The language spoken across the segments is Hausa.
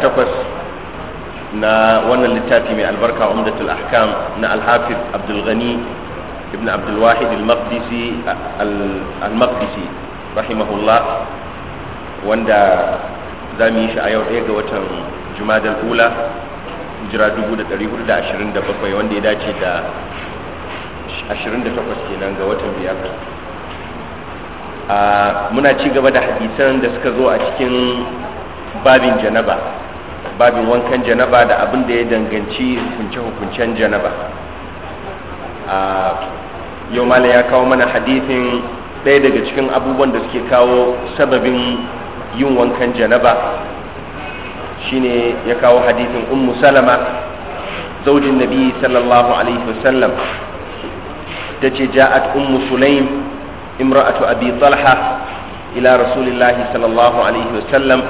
takwas na wannan littafi mai albarka umdatul ahkam na alhafiz abdulghani ibn abdulwahid al-maqdisi al-maqdisi rahimahullah wanda za mu yi shi a yau ɗaya ga watan jumadal ula hijira 1427 wanda ya dace da 28 kenan ga watan biyar muna ci gaba da hadisan da suka zo a cikin babin janaba babin wankan janaba da abin da ya danganci hukunce-hukuncen janaba a yau mala ya kawo mana hadithin ɗaya daga cikin abubuwan da suke kawo sababin yin wankan janaba shine ya kawo hadithin ummu salama zaujin nabi sallallahu alaihi wasallam ta ce ja'at ummu sulaim imra'atu abi talha ila rasulillahi sallallahu alaihi wasallam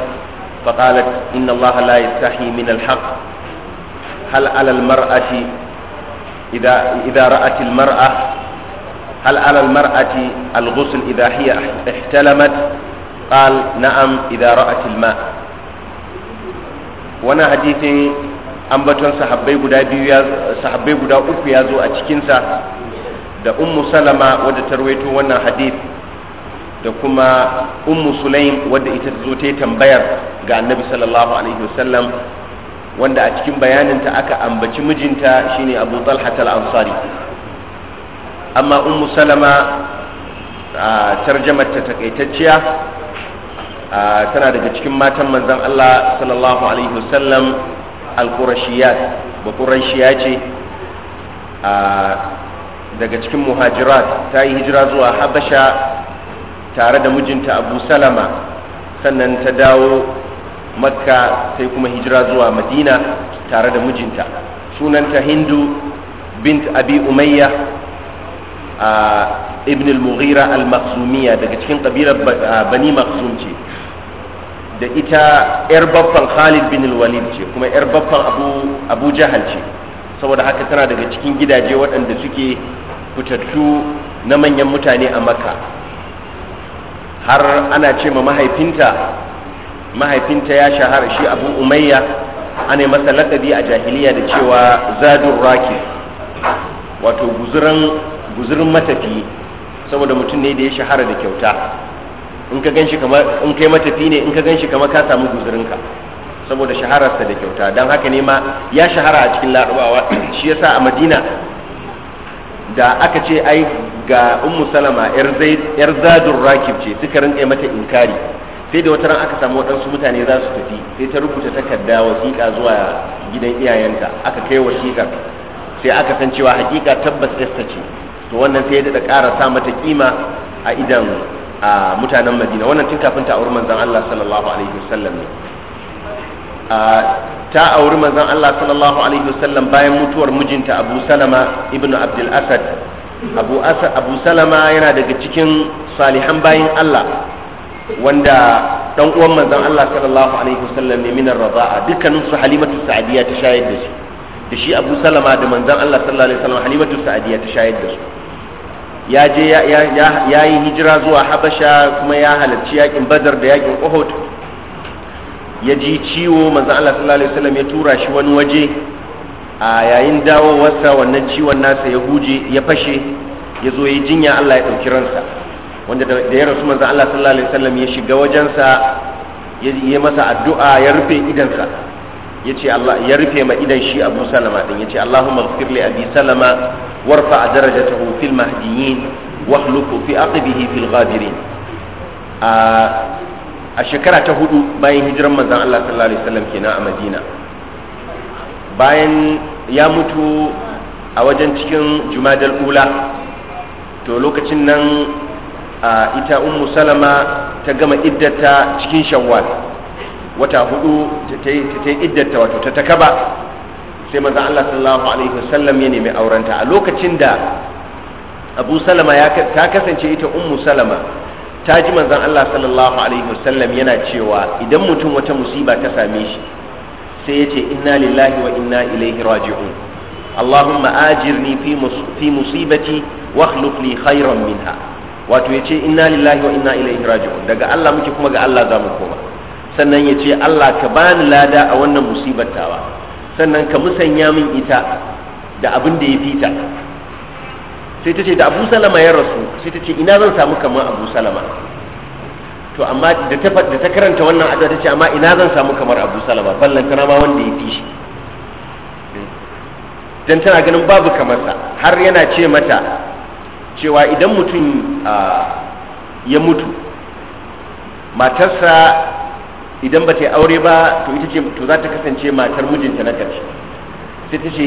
فقالت إن الله لا يستحي من الحق هل على المرأة إذا, إذا رأت المرأة هل على المرأة الغسل إذا هي احتلمت قال نعم إذا رأت الماء وانا حديثي أنبتون صحابي بودا بيو صحابي بودا أوفي أزو دا أم سلمة ودا ترويتو وانا حديث دا كما أم سليم ودا إتزوتي تنبير ga annabi sallallahu alaihi wasallam wanda a cikin bayanin ta aka ambaci mijinta shine abu talha al-ansari amma ummu salama a tarjamarta takaitacciya tana daga cikin matan manzon Allah sallallahu alaihi wasallam al-qurashiyat ce daga cikin muhajirat ta yi hijira zuwa habasha tare da mijinta abu salama sannan ta dawo makka sai kuma hijira zuwa madina tare da mijinta sunanta hindu bint abi umayya a ibn al-mughira al maqsumiyya daga cikin kabilar bani maqsum ce da ita yar baffan khalid bin al-walid ce kuma yar baffan abu abu jahal ce saboda haka tana daga cikin gidaje waɗanda suke fitattu na manyan mutane a makka har ana ce ma mahaifinta mahaifinta ya shahara shi abu umayya ana masa lakabi a jahiliya da cewa zadun raki wato guzurin matafi saboda mutum ne da ya shahara da kyauta in ka ganshi kamar in kai matafi ne in ka ganshi kamar ka samu guzurinka saboda shahararsa da kyauta don haka ne ma ya shahara a cikin larabawa shi yasa a madina da aka ce ai ga ummu salama yar zadun rakib ce suka rinka mata inkari sai da wata ran aka samu waɗansu mutane za su tafi sai ta rubuta takarda wasiƙa zuwa gidan iyayenta aka kai wasiƙar sai aka san cewa hakika tabbas esta ce to wannan sai ya daɗa ƙara sa mata kima a idan a mutanen madina wannan tun kafin ta auri manzan Allah sallallahu alaihi wasallam ne ta auri manzan Allah sallallahu alaihi wasallam bayan mutuwar mijinta Abu Salama ibnu Abdul Asad Abu Asad Abu Salama yana daga cikin salihan bayin Allah wanda dan uwan manzon Allah sallallahu alaihi wasallam ne minar raza'a dukkanin su halimatu sa'diya ta shayar da shi da shi Abu Salama da manzon Allah sallallahu alaihi wasallam halimatu sa'diya ta shayar da su ya je ya yi hijira zuwa Habasha kuma ya halarci yakin Badar da yakin Uhud ya ji ciwo manzon Allah sallallahu alaihi wasallam ya tura shi wani waje a yayin dawowarsa wannan ciwon nasa ya huje ya fashe ya zo ya yi jinya Allah ya ɗauki ransa wanda da ya rasu manzon Allah sallallahu alaihi wasallam ya shiga wajensa ya yi masa addu'a ya rufe idansa yace Allah ya rufe ma idan shi Abu Salama din yace Allahumma ighfir li Abi Salama warfa darajatahu fil Mahdiyin, wahluku fi aqibihi fil ghabirin a shekara ta hudu bayan hijiran manzon Allah sallallahu alaihi wasallam kenan a Madina bayan ya mutu a wajen cikin Jumadal Ula to lokacin nan ita ummu salama ta gama iddata cikin shawwal wata hudu ta yi iddata wato ta takaba sai manzon Allah sallallahu alaihi wasallam ya nemi aurenta a lokacin da Abu Salama ya ta kasance ita ummu salama ta ji manzon Allah sallallahu alaihi wasallam yana cewa idan mutum wata musiba ta same shi sai ya ce inna lillahi wa inna ilaihi raji'un Allahumma ajirni fi musibati wa li khairan minha wato ya ce inna lillahi wa inna ilaihi raji'un daga Allah muke kuma ga Allah za mu koma sannan ya ce Allah ka bani lada a wannan musibar tawa sannan ka musanya min ita da abin da ya fita sai ta ce da Abu Salama ya rasu sai ta ce ina zan samu kamar Abu Salama to amma da ta da ta karanta wannan addu'a ta ce amma ina zan samu kamar Abu Salama ballan tana ma wanda ya fi shi dan tana ganin babu kamar sa har yana ce mata cewa idan mutum ya mutu matarsa idan ba ta yi aure ba to ita ce to za ta kasance matar mijinta na ƙarshe sai ta ce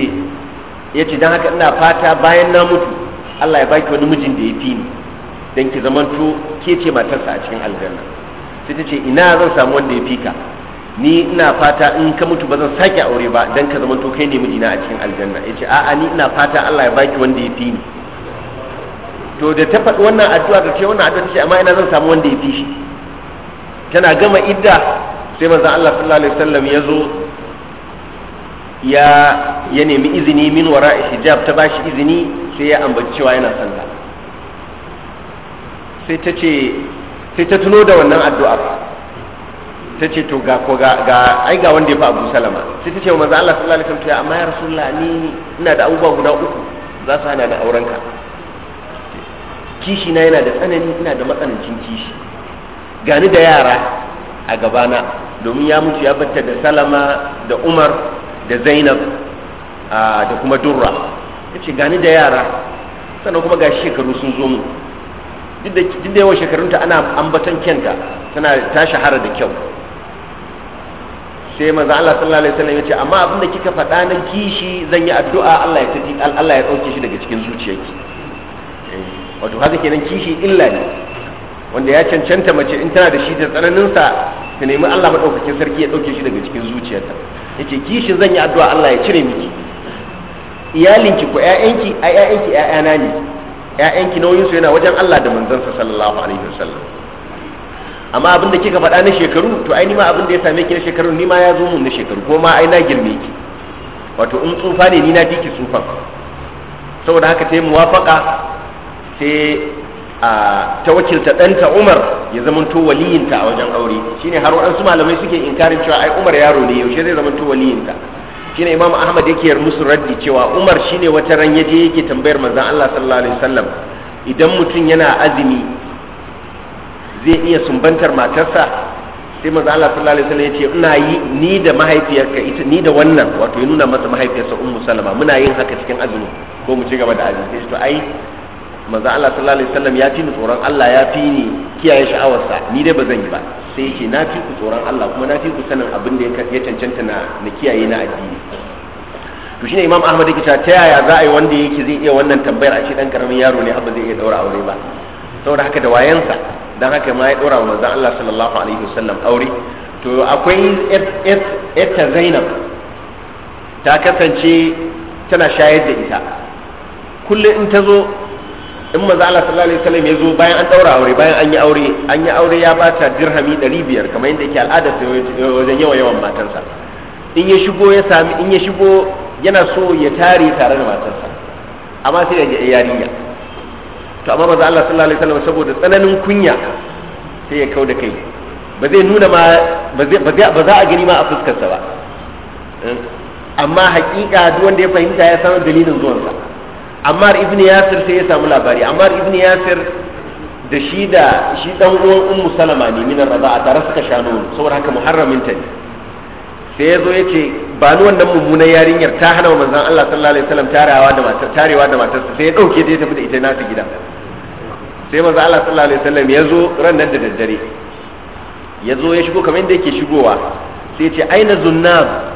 ya ce don haka ina fata bayan na mutu Allah ya baki wani mijin da ya fi ni don ki zamanto ke ce matarsa a cikin aljanna sai ta ce ina zan samu wanda ya fi ka ni ina fata in ka mutu ba zan sake aure ba don ka zamanto kai ne mijina a cikin aljanna ya ce a'a ni ina fata Allah ya baki wanda ya fi ni to da ta faɗi wannan addu'a ta ce wannan addu'a ta ce amma ina zan samu wanda ya fi shi tana gama idda sai manzon Allah sallallahu alaihi wasallam ya zo ya ya nemi izini min wara'i hijab ta bashi izini sai ya ambaci cewa yana sallah sai ta ce sai ta tuno da wannan addu'a ta ce to ga ko ga ai ga wanda ya fi Abu Salama sai ta ce manzon Allah sallallahu alaihi wasallam amma ya rasulullahi ni ina da abubuwa guda uku za su hana ni aurenka kishi na yana da tsanani ina da matsanancin kishi gani da yara a gabana domin ya mutu ya batta da salama da umar da zainab da kuma durra ya ce gani da yara sannan kuma ga shekaru sun zo mu duk da yawan shekarunta ana ambaton kyanta tana ta shahara da kyau sai maza Allah sallallahu alaihi wasallam ce amma abin da kika faɗa na kishi zan yi addu'a Allah ya tafi Allah ya dauke shi daga cikin zuciyarki wato haka kenan kishi illa ne wanda ya cancanta mace in tana da shi da tsananin sa ta nemi Allah madaukakin sarki ya dauke shi daga cikin zuciyarta yace kishin zan yi addu'a Allah ya cire miki iyalinki ko ƴaƴanki a ƴaƴanki ƴaƴana ne ƴaƴanki nauyin su yana wajen Allah da sa sallallahu alaihi wasallam amma abin da kika faɗa na shekaru to ai ni ma abin da ya same ki na shekaru nima ya zo mun na shekaru ko ma ai na girme ki wato in tsufa ne ni na fiki tsufa saboda haka ta yi muwafaka sai a ta wakilta ɗanta umar ya zamanto waliyinta a wajen aure shine har waɗansu malamai suke inkarin cewa ai umar yaro ne yaushe zai zamanto waliyinta shine imam ahmad yake musu raddi cewa umar shine wata ran yaje yake tambayar manzon allah sallallahu alaihi wasallam idan mutum yana azumi zai iya sumbantar matarsa sai manzon Allah sallallahu alaihi wasallam yace ina yi ni da mahaifiyarka ita ni da wannan wato ya nuna masa mahaifiyarsa ummu salama muna yin haka cikin azumi ko mu ci gaba da azumi to ai manzo Allah sallallahu alaihi wasallam ya ci ni tsoron Allah ya fi ni kiyaye sha'awarsa ni dai ba zan yi ba sai yake na fi ku tsoron Allah kuma na fi ku sanin abin da ya cancanta na na kiyaye na addini to shine Imam Ahmad yake ta yaya za a yi wanda yake zai iya wannan tambayar a ce dan karamin yaro ne abin zai iya daura aure ba saboda haka da wayansa dan haka ma ya daura wa manzo Allah sallallahu alaihi wasallam aure to akwai ta Zainab ta kasance tana shayar da ita kullum in ta zo in maza Allah sallallahu alaihi wasallam ya zo bayan an daura aure bayan an yi aure an yi aure ya bata dirhami 500 kamar yadda yake al'ada wajen yawan yawan matarsa in ya shigo ya sami in ya shigo yana so ya tare tare da matarsa amma sai ya ji yarinya to amma maza Allah sallallahu alaihi wasallam saboda tsananin kunya sai ya kau da kai ba zai nuna ma ba za a gani ma a fuskarsa ba eh, amma hakika duk wanda ya fahimta ya san dalilin zuwansa ammar ibn yasir sai ya samu labari ammar ibn yasir da shi da shi dan uwan ummu salama ne minar a tare suka sha saboda haka muharramin ta ne sai ya zo ya ce ba ni wannan mummunan yarinyar ta hana wa manzon Allah sallallahu alaihi wasallam tarawa da matar tarewa da matarsa sai ya dauke ta ya tafi da ita na ta gida sai manzon Allah sallallahu alaihi wasallam ya zo ran nan da daddare ya zo ya shigo kamar yadda yake shigowa sai ya ce aina zunnab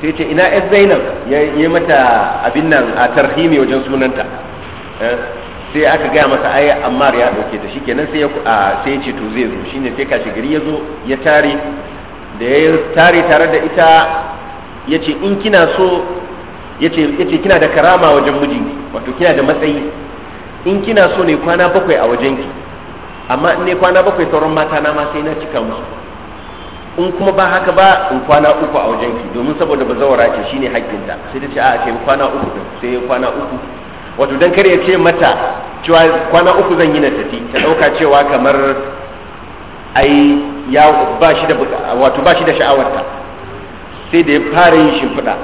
sai ce ina yar zainab ya yi mata abin nan a tarhimi wajen sunanta eh, sai aka gaya masa ai ammar ya dauke ta shikenan sai ya sai ya ce to zai zo shine sai kashi gari ya zo ya tare da ya tare tare da ita ya ce in kina so ya ce kina da karama wajen mijin? wato kina da matsayi in kina so ne kwana bakwai a wajenki amma in ne kwana bakwai sauran mata na ma sai na cika musu in kuma ba haka ba in kwana uku a wajen ki domin saboda ba zawara ce shine hakkinta sai ta ce a ce kwana uku din sai ya kwana uku wato dan kare ya ce mata cewa kwana uku zan yi na tafi ta dauka cewa kamar ai ya ba shi da wato ba shi da sha'awarta sai da ya fara yin shimfiɗa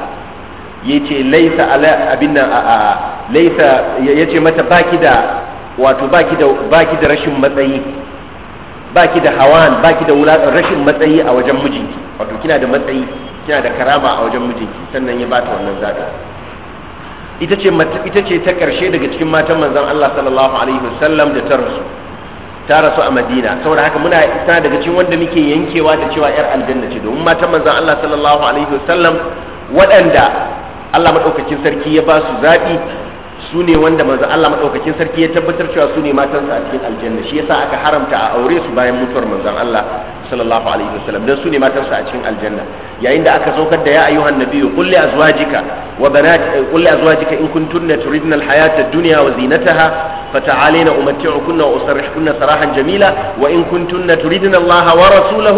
ya ce laisa ala abin nan a laisa ya ce mata baki da wato baki da baki da rashin matsayi baki da hawan baki da wulaƙar rashin matsayi a wajen mijinki wato kina da matsayi kina da karama a wajen mijinki sannan ya bata wannan zaɓin ita ce ita ce ta ƙarshe daga cikin matan manzon Allah sallallahu alaihi wasallam da ta rasu ta rasu a Madina saboda haka muna tana daga cikin wanda muke yankewa da cewa yar aljanna ce domin matan manzon Allah sallallahu alaihi wasallam waɗanda Allah madaukakin sarki ya ba su zaɓi su ne wanda manzo Allah madaukakin sarki ya tabbatar cewa su ne matansa a cikin aljanna shi yasa aka haramta a aure su bayan mutuwar manzon Allah sallallahu alaihi wasallam dan su ne matansa a cikin aljanna yayin da aka saukar da ya ayyuhan nabiyyu qul li azwajika wa banat eh, qul li azwajika in kuntunna turidna alhayata ad-dunya wa zinataha فتعالينا أمتعكن وأسرحكن سراحا جميلا وإن كنتن تريدن الله ورسوله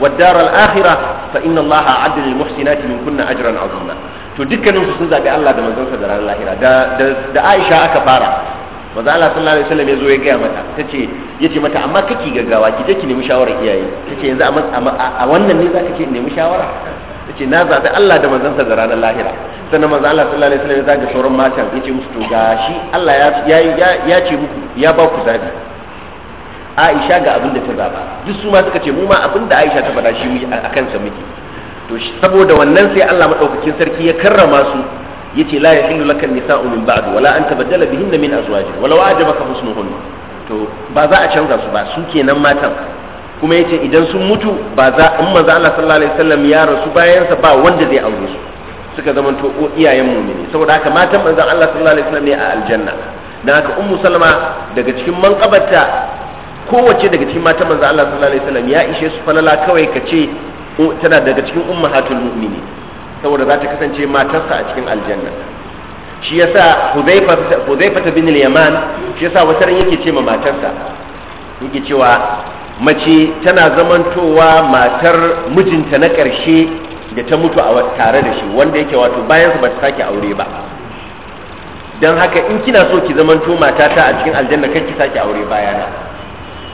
والدار الآخرة فإن الله أعد للمحسنات منكن أجرا عظيما to dukkanin su sun zabi Allah da sa da ranar lahira da Aisha aka fara manzo Allah sallallahu alaihi wasallam ya zo ya gaya mata tace yace mata amma kake gaggawa ki je ki nemi shawarar iyaye tace yanzu a wannan ne zaka ke nemi shawara tace na zabi Allah da sa da ranar lahira sannan manzo Allah sallallahu alaihi wasallam ya zage sauran matan yace musu to gashi Allah ya ya ce muku ya ba ku zabi Aisha ga abin da ta zaba duk su ma suka ce mu ma abin da Aisha ta faɗa shi a kansa muke to saboda wannan sai Allah madaukakin sarki ya karrama su yace la yahillu laka nisa'u min ba'd wala an tabaddala bihinna min azwajin wala wa'ajabaka husnuhun to ba za a canza su ba su kenan matan kuma yace idan sun mutu ba za in manzo Allah sallallahu alaihi wasallam ya rasu bayan sa ba wanda zai aure su suka zama to iyayen mumini saboda haka matan manzo Allah sallallahu alaihi wasallam ne a aljanna dan haka ummu salama daga cikin manqabarta kowace daga cikin matan manzo Allah sallallahu alaihi wasallam ya ishe su falala kawai kace tana daga cikin ummahatul mu'mini saboda za ta kasance matarsa a cikin aljanna shi yasa Hudhaifa ta bin yaman shi yasa wata ran yake ce ma matarsa yake cewa mace tana zamantowa matar mijinta na karshe da ta mutu a tare da shi wanda yake wato bayan su ba ta sake aure ba dan haka in kina so ki zamanto matata a cikin aljanna kar ki sake aure bayana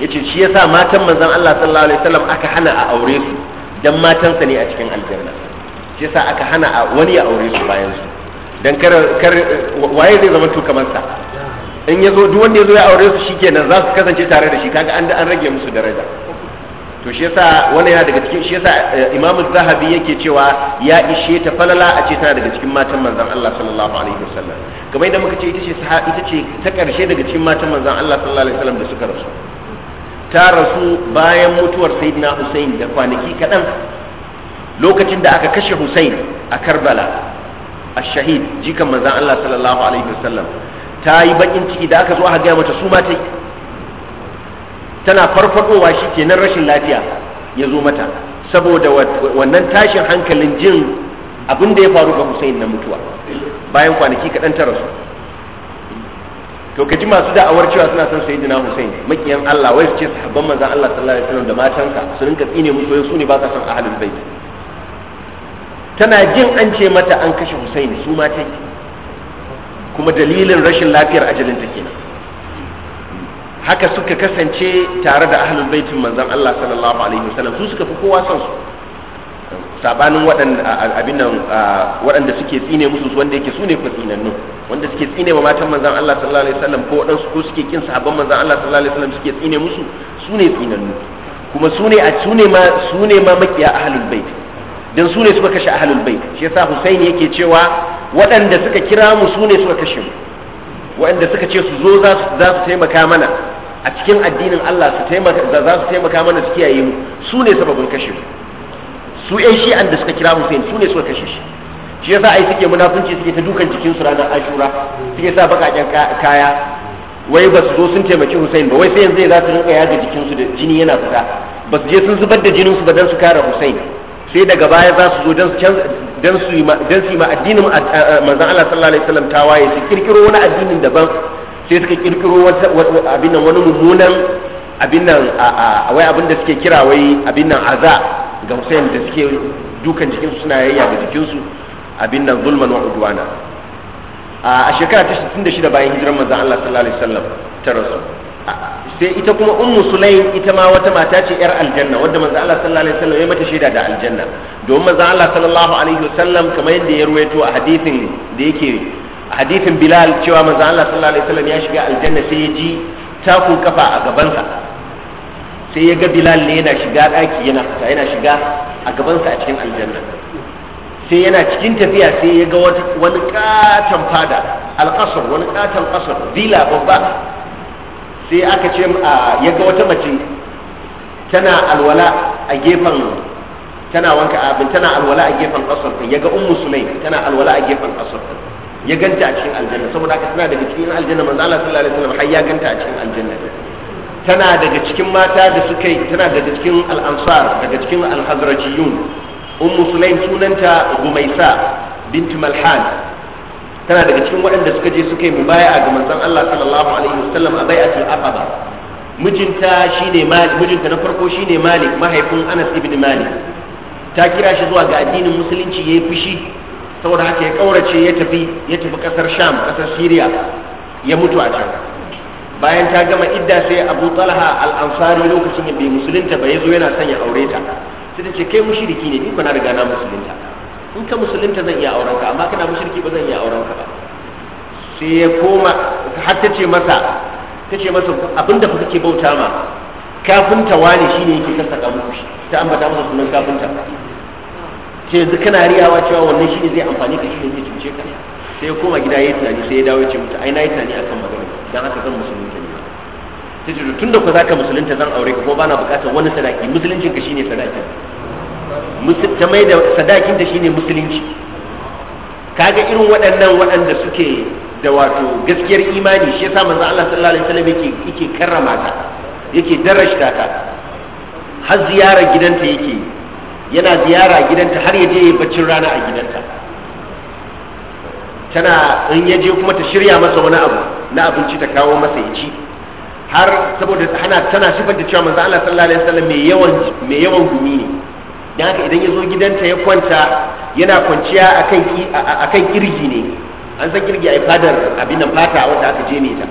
yace shi yasa matan manzon Allah sallallahu alaihi wasallam aka hana a aure su dan matansa ne a cikin aljanna shi yasa aka hana a wani ya aure su bayan su dan kar kar waye zai zama to kamar sa in yazo duk wanda yazo ya aure su shikenan za su kasance tare da shi kaga an an rage musu daraja to shi yasa wani yana daga cikin shi yasa eh, Imam Zahabi yake cewa ya ishe ta falala a ce tana daga cikin matan manzon Allah sallallahu alaihi wasallam kamar yadda muka ce ita ce ita ce ta karshe daga cikin matan manzon Allah sallallahu alaihi wasallam da suka rasu ta rasu bayan mutuwar sayyidina Hussein da kwanaki kaɗan lokacin da aka kashe Hussein a Karbala a shahid jikan manzan Allah sallallahu alaihi wasallam ta yi bakin ciki da aka zo aka ga mata su ma ta tana farfadowa shi kenan rashin lafiya ya zo mata saboda wannan tashin hankalin jin abin da ya faru ga Hussein na mutuwa bayan kwanaki kaɗan ta rasu to masu da'awar cewa suna son sayyidina Hussein makiyan Allah wai su ce sahabban manzon Allah sallallahu alaihi wasallam da matanka su rinka tsine musu su ne ba sa son ahlul bait tana jin an ce mata an kashe Hussein su ma take kuma dalilin rashin lafiyar ajalin ta kenan haka suka kasance tare da ahlul baitin manzon Allah sallallahu alaihi wasallam su suka fi kowa son su sabanin waɗanda suke tsine musu wanda yake su ne fa tsinannu wanda suke tsine wa matan manzan Allah sallallahu alaihi wasallam ko waɗansu ko suke kin sahabban manzan Allah sallallahu alaihi wasallam suke tsine musu su ne tsinannu kuma su ne a su ne ma su ne ma makiya ahlul bait dan su ne suka kashe ahlul bait shi yasa Husaini yake cewa waɗanda suka kira mu su ne suka kashe mu waɗanda suka ce su zo za su taimaka mana a cikin addinin Allah su taimaka za su taimaka mana su kiyaye mu su ne sababin kashe mu su yan shi'an da suka kira Hussein su ne suka kashe shi shi yasa ai suke munafunci suke ta dukan jikin su ranar Ashura suke sa bakaken kaya wai ba su zo sun taimaki Hussein ba wai sai yanzu za su rinka yaga jikin su da jini yana fita ba su je sun zubar da jinin su ba dan su kare Hussein sai daga baya za su zo dan su dan su yi dan su yi ma addinin manzon Allah sallallahu alaihi wasallam tawaye su kirkiro wani addinin daban sai suka kirkiro abin nan wani mummunan abin nan wai abin da suke kira wai abin nan aza ga Hussein da suke dukan jikinsu suna yayya ga jikinsu abin nan zulman wa udwana a shekara ta 66 bayan hijiran manzon Allah sallallahu alaihi wasallam ta rasu sai ita kuma ummu sulayn ita ma wata mata ce yar aljanna wadda manzo Allah sallallahu alaihi wasallam ya mata shaida da aljanna domin manzo Allah sallallahu alaihi wasallam kamar yadda ya ruwaito a hadisin da yake hadisin Bilal cewa manzo Allah sallallahu alaihi wasallam ya shiga aljanna sai ya ji takun kafa a gabansa sai ya ga bilal ne yana shiga ɗaki yana fita yana shiga a gabansa a cikin aljanna sai yana cikin tafiya sai ya ga wani katon fada alƙasar wani katon ƙasar villa babba sai aka ce ya ga wata mace tana alwala a gefen tana wanka abin tana alwala a gefen ƙasar ya ga ummu sulai tana alwala a gefen ƙasar ya ganta a cikin aljanna saboda haka tana daga cikin aljanna manzo Allah sallallahu alaihi wasallam har ya ganta a cikin aljanna tana daga cikin mata da suka yi tana daga cikin al'ansar daga cikin alhazrajiyun un sulaim sunanta gumaisa bint malhan tana daga cikin waɗanda suka je suka yi mubaya'a ga manzon Allah sallallahu alaihi wasallam a bai'atul aqaba mijinta shine malik mijinta na farko shine malik mahaifin Anas ibn Malik ta kira shi zuwa ga addinin musulunci yayi fushi saboda haka ya kaurace ya tafi ya tafi kasar Sham kasar Syria ya mutu a can bayan ta gama idda sai abu talha al-ansari lokacin da bai musulunta ba yazo yana son ya aure ta sai ta ce kai mushriki ne ni ba na riga na musulunta in ka musulunta zan iya aurenka amma kana mushriki ba zan iya aurenka ba sai ya koma har ta ce masa ta ce masa abinda fa kake bauta ma kafinta wani shine yake kasa muku shi ta ambata masa sunan kafinta ce yanzu kana riyawa cewa wannan shine zai amfani ka shine zai cuce ka sai ya koma gida yi tunani sai ya dawo ya ce mutu ai na yi tunani akan magana dan haka zan musulunta ne sai ce tun da ku zaka musulunta zan aure ka ko bana bukatar wani sadaki musuluncin ka shine sadakin ta mai da sadakin ta shine musulunci kaga irin waɗannan waɗanda suke da wato gaskiyar imani shi yasa manzo Allah sallallahu alaihi wasallam yake yake karrama ta yake darashta ta har ziyara gidanta yake yana ziyara gidanta har ya je baccin rana a gidanta tana in ya je kuma ta shirya masa wani abu na abinci ta kawo masa ya ci har saboda hana tana da cewa manzo Allah sallallahu alaihi wasallam mai yawan mai yawan gumi ne dan haka idan yazo gidanta ya kwanta yana kwanciya akan akan kirgi ne an san kirgi ai fadar abin nan fata wanda aka je ne ta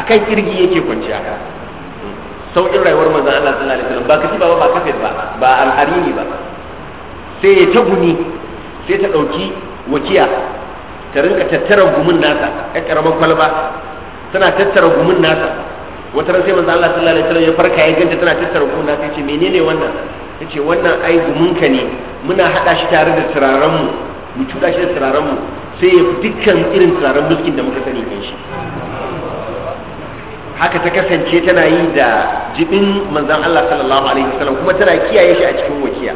akan kirgi yake kwanciya sauƙin rayuwar manzo Allah sallallahu alaihi wasallam ba katiba ba ba kafir ba ba alharini ba sai ya ta guni sai ta ɗauki wakiya ta rinka tattara gumin nasa ya karamar kwalba tana tattara gumin nasa wata ran sai manzo Allah sallallahu alaihi wasallam ya farka ya ganta tana tattara gumin nasa yace menene wannan yace wannan ai gumin ka ne muna hada shi tare da turaren mu mu tuda shi da turaren mu sai ya dukkan irin turaren muskin da muka sani kan shi haka ta kasance tana yi da jibin manzon Allah sallallahu alaihi wasallam kuma tana kiyaye shi a cikin wakiya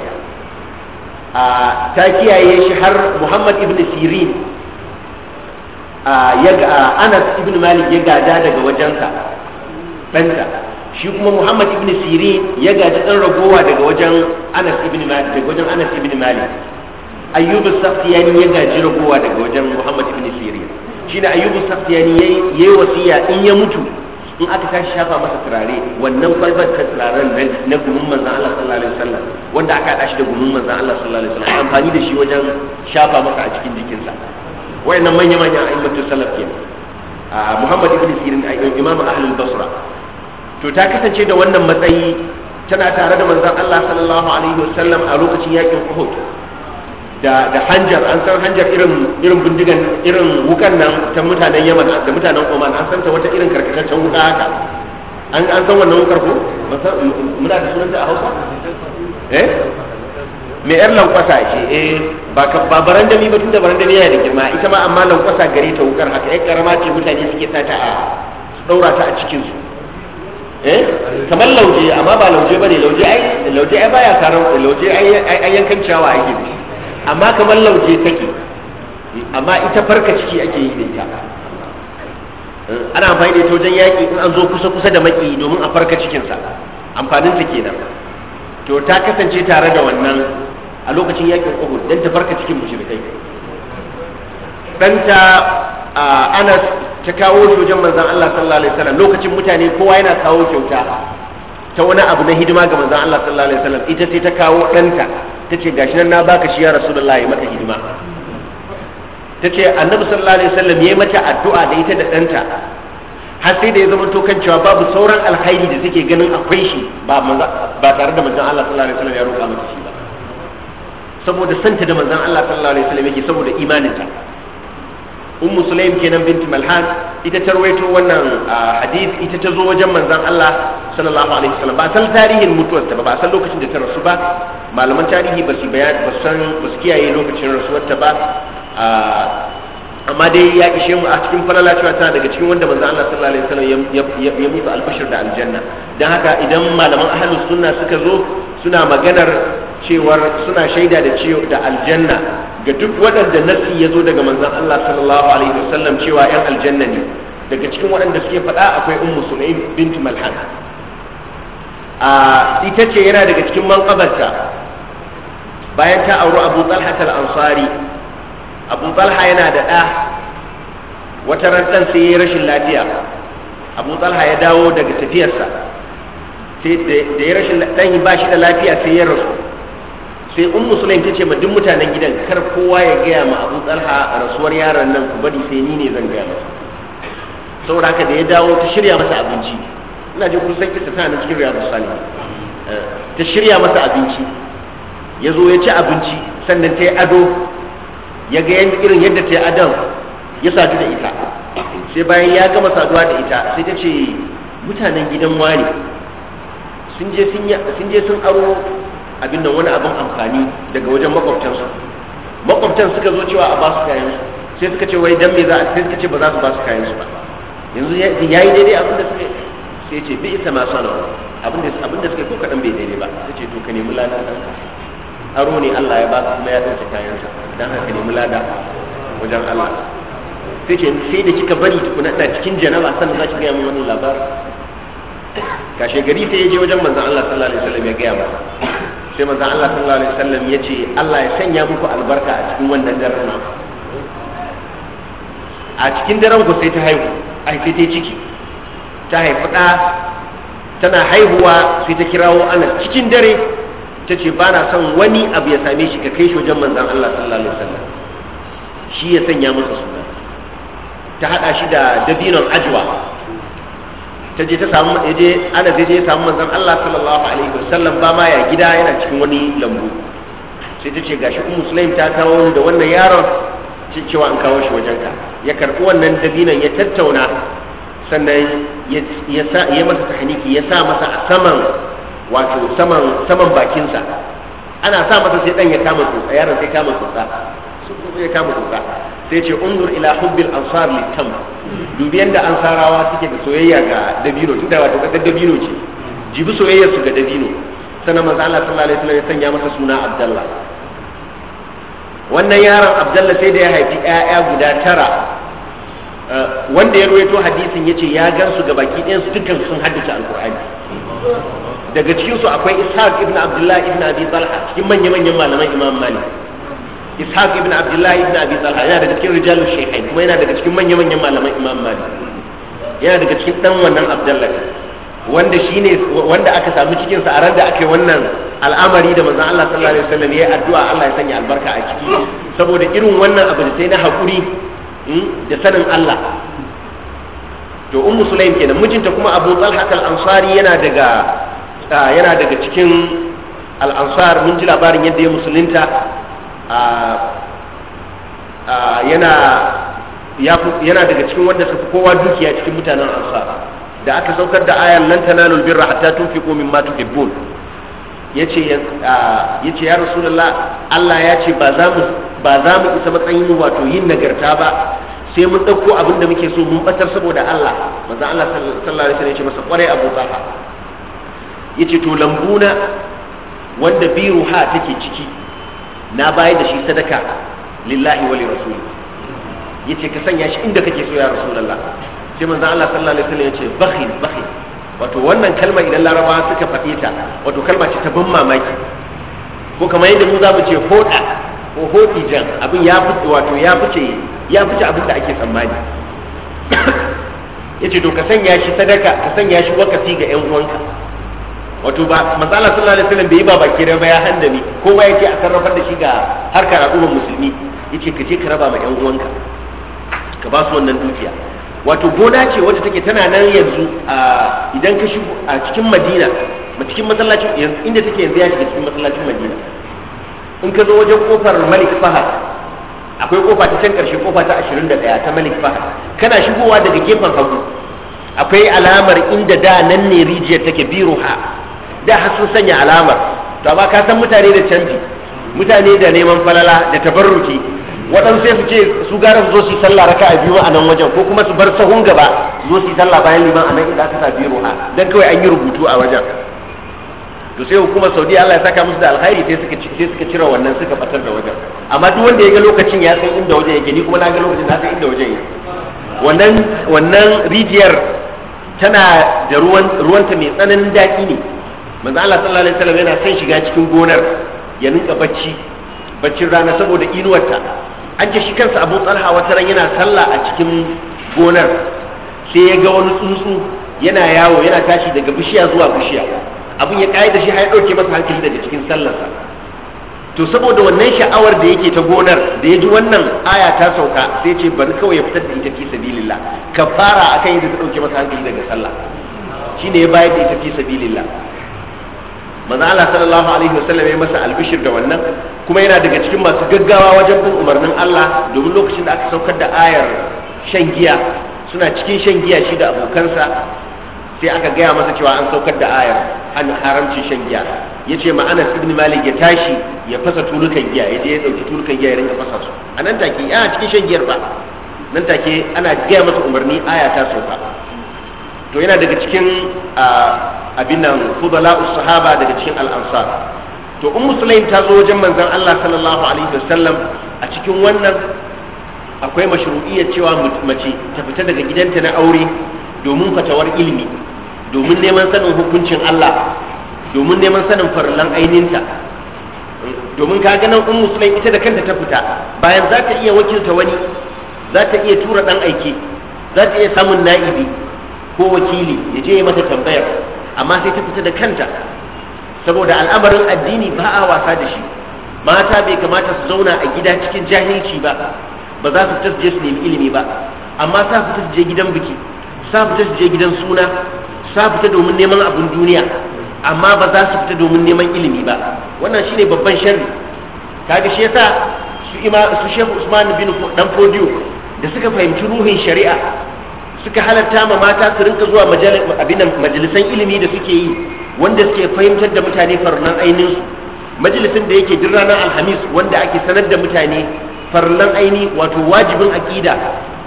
ta kiyaye shi har Muhammad ibn Sirin anas ibn malik ya gada daga wajensa ɗansa shi kuma muhammad ibn sirin ya gaji ɗan ragowa daga wajen anas ibn malik daga wajen anas ibn malik ayyubu saftiyani ya gaji ragowa daga wajen muhammad ibn sirin shine ayyubu saftiyani ya yi wasiya in ya mutu in aka tashi shafa masa turare wannan kwalbar ta turaren nan na gumin manzon Allah sallallahu alaihi wasallam wanda aka haɗa shi da gumin manzon Allah sallallahu alaihi wasallam amfani da shi wajen shafa masa a cikin jikinsa wayannan manya manya a'immatu salaf a Muhammad ibn Sirin imam ahlul Basra to ta kasance da wannan matsayi tana tare da manzon Allah sallallahu alaihi wasallam a lokacin yakin Uhud da da hanjar an san hanjar irin irin bindigan irin wukan nan ta mutanen Yaman da mutanen Oman an san ta wata irin karkataccen wuka haka an an san wannan wukar ko muna da sunanta a Hausa eh mai yar lankwasa ce eh ba ba barandami ba tunda barandami yana da girma ita ma amma lankwasa gare ta wukar haka yar karama ce mutane suke ta a daura ta a cikin su eh kamar lauje amma ba lauje bane lauje ai lauje ai baya karan lauje ai ai yankan ciyawa ake bi amma kamar lauje take amma ita farka ciki ake yi da ita eh, ana amfani da ita wajen yaƙi in an zo kusa kusa da maki domin a farka cikinsa amfaninsa kenan to ta kasance tare da wannan a lokacin yakin uhud dan ta barka cikin mushrikai danta anas ta kawo sojan manzon Allah sallallahu alaihi wasallam lokacin mutane kowa yana kawo kyauta ta wani abu na hidima ga manzon Allah sallallahu alaihi wasallam ita sai ta kawo danta tace gashi nan na baka shi ya rasulullahi maka hidima tace annabi sallallahu alaihi wasallam yayi mata addu'a da ita da danta har sai da ya zama tokan cewa babu sauran alkhairi da suke ganin akwai shi ba ba tare da manzon Allah sallallahu alaihi wasallam ya roƙa mata shi ba saboda santa da manzan Allah sallallahu alaihi wasallam yake saboda imaninta ummu sulaim kenan binti malhan ita ta rawaito wannan ah, hadith ita ta zo wajen manzan Allah sallallahu alaihi wasallam ba san tarihin mutuwarta ba ba san lokacin da ta rasu ba malaman tarihi ba su bayan ba san ba su kiyaye lokacin rasuwarta ba ah, amma dai ya ishe mu a cikin falala cewa tana daga cikin wanda manzan Allah sallallahu alaihi wasallam ya mutu albashir da aljanna dan haka idan malaman ahlus sunna suka zo suna maganar cewar suna shaida da ciwo da aljanna ga duk waɗanda nasi ya zo daga manzon Allah sallallahu alaihi wasallam cewa yan aljanna ne daga cikin waɗanda suke faɗa akwai ummu sulaim bint malhan a ita ce yana daga cikin manqabarta bayan ta auri abu talha al-ansari abu talha yana da ɗa wata ran sai ya rashin lafiya abu talha ya dawo daga tafiyarsa sai da ya rashin ɗan ba shi da lafiya sai ya rasu sai in musulun ta ce ma duk mutanen gidan kar kowa ya gaya ma abu talha a rasuwar yaron nan ku bari sai ni ne zan gaya masa saboda haka da ya dawo ta shirya masa abinci ina jin kun san kisa tana na cikin riyadu salih eh, ta shirya masa abinci ya zo ya ci abinci sannan ta yi ado ya ga irin yadda ta yi adon ya sadu da ita sai bayan ya gama saduwa da ita sai ta ce mutanen gidan wani sun je sun aro abinda wani abin amfani daga wajen makwabtansu makwabtan suka zo cewa a basu kayan su sai suka ce wai dan me za sai suka ce ba za su basu kayan su ba yanzu yayi daidai abin da suke sai ce bi isa masu sana'u abin da abin da suke ko kadan bai daidai ba sai ce to ka nemi lada aro ne Allah ya ba su kuma ya dauke kayan sa dan haka nemi lada wajen Allah sai ce sai da kika bari tukuna ta cikin janaba sannan za ki ga mun wannan labarin kashe gari sai ya je wajen manzon Allah sallallahu alaihi wasallam ya ga ba sai manzon Allah sallallahu alaihi wasallam ya ce Allah ya sanya muku albarka a cikin wannan daren a cikin daren ku sai ta haihu ai sai ta ciki ta haifi ɗa tana haihuwa sai ta kirawo ana cikin dare ta ce ba na son wani abu ya same shi ka kai shi wajen manzan Allah sallallahu alaihi wasallam shi ya sanya masa suna ta haɗa shi da dabinon ajwa ta je ta samu je ana zai je samu manzon Allah sallallahu alaihi wasallam ba ma ya gida yana cikin wani lambu sai ta ce gashi ummu sulaim ta kawo ni da wannan yaron cewa an kawo shi wajenka ya karbi wannan dabinan ya tattauna sannan ya sa ya masa tahniki ya sa masa a saman wato saman saman bakinsa ana sa masa sai dan ya kama tsotsa yaron sai kama tsotsa ya kama tsotsa sai ce unzur ila hubbil ansar li tam dubi yanda ansarawa suke da soyayya ga dabino tunda wato ga dabino ce jibi soyayyar su ga dabino sanan manzo Allah sallallahu alaihi wasallam ya sanya masa suna Abdullah wannan yaron Abdullah sai da ya haifi ƴaƴa guda tara eh, wanda ya ruwaito hadisin yace ya gansu ga baki ɗayan su dukkan sun haddace alqur'ani daga cikin su akwai Ishaq ibn Abdullah ibn Abi Talha cikin manya-manyan malaman Imam Malik ishaq ibn abdullah ibn abi talha yana daga cikin rijalul shaykhain kuma yana daga cikin manya manyan malaman imam malik yana daga cikin dan wannan abdullah wanda shine wanda aka samu cikin sa a ran da aka yi wannan al'amari da manzon Allah sallallahu alaihi wasallam yayi addu'a Allah ya sanya albarka a ciki saboda irin wannan abu da sai na hakuri hmm, da sanin Allah to ummu sulaim kenan mijinta kuma abu talha al-ansari yana daga ah, yana daga cikin al-ansar mun ji labarin yadda ya musulunta yana daga cikin wanda suka kowa dukiya cikin mutanen ansar da aka saukar da ayan lan tanalul birra hatta tunfiqu mimma tuhibbun yace yace ya rasulullah Allah ya ce ba za mu ba za mu isa matsayin wato yin nagarta ba sai mun ɗauko abin da muke so mun batar saboda Allah manzo Allah sallallahu alaihi wasallam ya ce masa kwarai Abu Talha yace to lambuna wanda biruha take ciki na bayar da shi sadaka lillahi wa lirasuli yace ka sanya shi inda kake so ya rasulullah sai manzon Allah sallallahu alaihi wasallam yace bakhil bakhil wato wannan kalma idan larabawa suka faɗe ta wato kalma ce ta ban mamaki ko kamar yadda mu za mu ce hoda ko hodi jan abin ya fice wato ya fice ya fice abin da ake tsammani yace to ka sanya shi sadaka ka sanya shi wakafi ga yan uwanka wato ba manzala sallallahu alaihi wasallam bai yi babaki da ya handami kowa yake a sarrafar da shi ga harkar al'ummar musulmi yace ka je ka raba ma yan uwanka ka ba su wannan dukiya wato gona ce wacce take tana nan yanzu a idan ka shigo a cikin Madina ma cikin masallacin inda take yanzu ya shiga cikin masallacin Madina in ka zo wajen kofar Malik Fahad akwai kofa ta can karshe kofa ta 21 ta Malik Fahad kana shigowa daga gefen hagu akwai alamar inda da nan ne rijiyar take biruha da har sun sanya alamar to amma ka san mutane da canji mutane da neman falala da tabarruki waɗansu sai su ce su gara su zo su sallah raka a biyu a nan wajen ko kuma su bar sahun gaba su zo su sallah bayan liman a nan idan ka sabi ruha dan kawai an yi rubutu a wajen to sai hukumar saudi Allah ya saka musu da alkhairi sai suka sai suka cire wannan suka batar da wajen amma duk wanda ya ga lokacin ya san inda wajen yake ni kuma na ga lokacin na san inda wajen yake wannan wannan rijiyar tana da ruwan ruwanta mai tsananin daki ne manzo Allah sallallahu alaihi wasallam yana son shiga cikin gonar ya nuka bacci baccin rana saboda inuwarta an ce shi kansa Abu Talha wata ran yana sallah a cikin gonar sai ya ga wani tsuntsu yana yawo yana tashi daga bishiya zuwa bishiya Abun ya kai da shi har ya dauke masa hankali daga cikin sallarsa to saboda wannan sha'awar da yake ta gonar da ya ji wannan aya ta sauka sai ce bari kawai ya fitar da ita fi sabilillah ka fara akan yadda ta dauke masa hankali daga sallah shine ya bayar da ita fi sabilillah manzo Allah sallallahu alaihi wasallam ya masa albishir da wannan kuma yana daga cikin masu gaggawa wajen bin umarnin Allah domin lokacin da aka saukar da ayar shan giya suna cikin shan giya shi da abokansa sai aka gaya masa cewa an saukar da ayar an haramci shan giya ya ce ma su ibn Malik ya tashi ya fasa tulukan giya ya je ya dauki tulukan giya ya rinka fasa su a nan take yana cikin shan giyar ba nan take ana gaya masa umarni aya ta sauka to yana daga cikin abin nan fudala sahaba daga cikin al'ansar to in musulaim ta zo wajen manzon Allah sallallahu alaihi wasallam a cikin wannan akwai mashru'iyyar cewa mace ta fita daga gidanta na aure domin fatawar ilimi domin neman sanin hukuncin Allah domin neman sanin farlan aininta domin ka ga nan ummu sulaim ita da kanta ta fita bayan za ta iya wakilta wani za ta iya tura dan aiki za ta iya samun na'ibi ko wakili ya je ya mata tambayar amma sai ta fita da kanta saboda al'amarin addini ba a wasa da shi mata bai kamata su zauna a gida cikin jahilci ba ba za su fita su je su nemi ilimi ba amma sa fita su je gidan biki sa fita su je gidan suna sa fita domin neman abin duniya amma ba za su fita domin neman ilimi ba wannan shine babban sharri kaga shi yasa su ima su shehu Usman bin Dan Fodiyo da suka fahimci ruhin shari'a suka halatta ma mata su rinka zuwa majalisan ilimi da suke yi wanda suke fahimtar da mutane farnan ainihin su majalisin da yake duk ranar alhamis wanda ake sanar da mutane farnan aini wato wajibin aƙida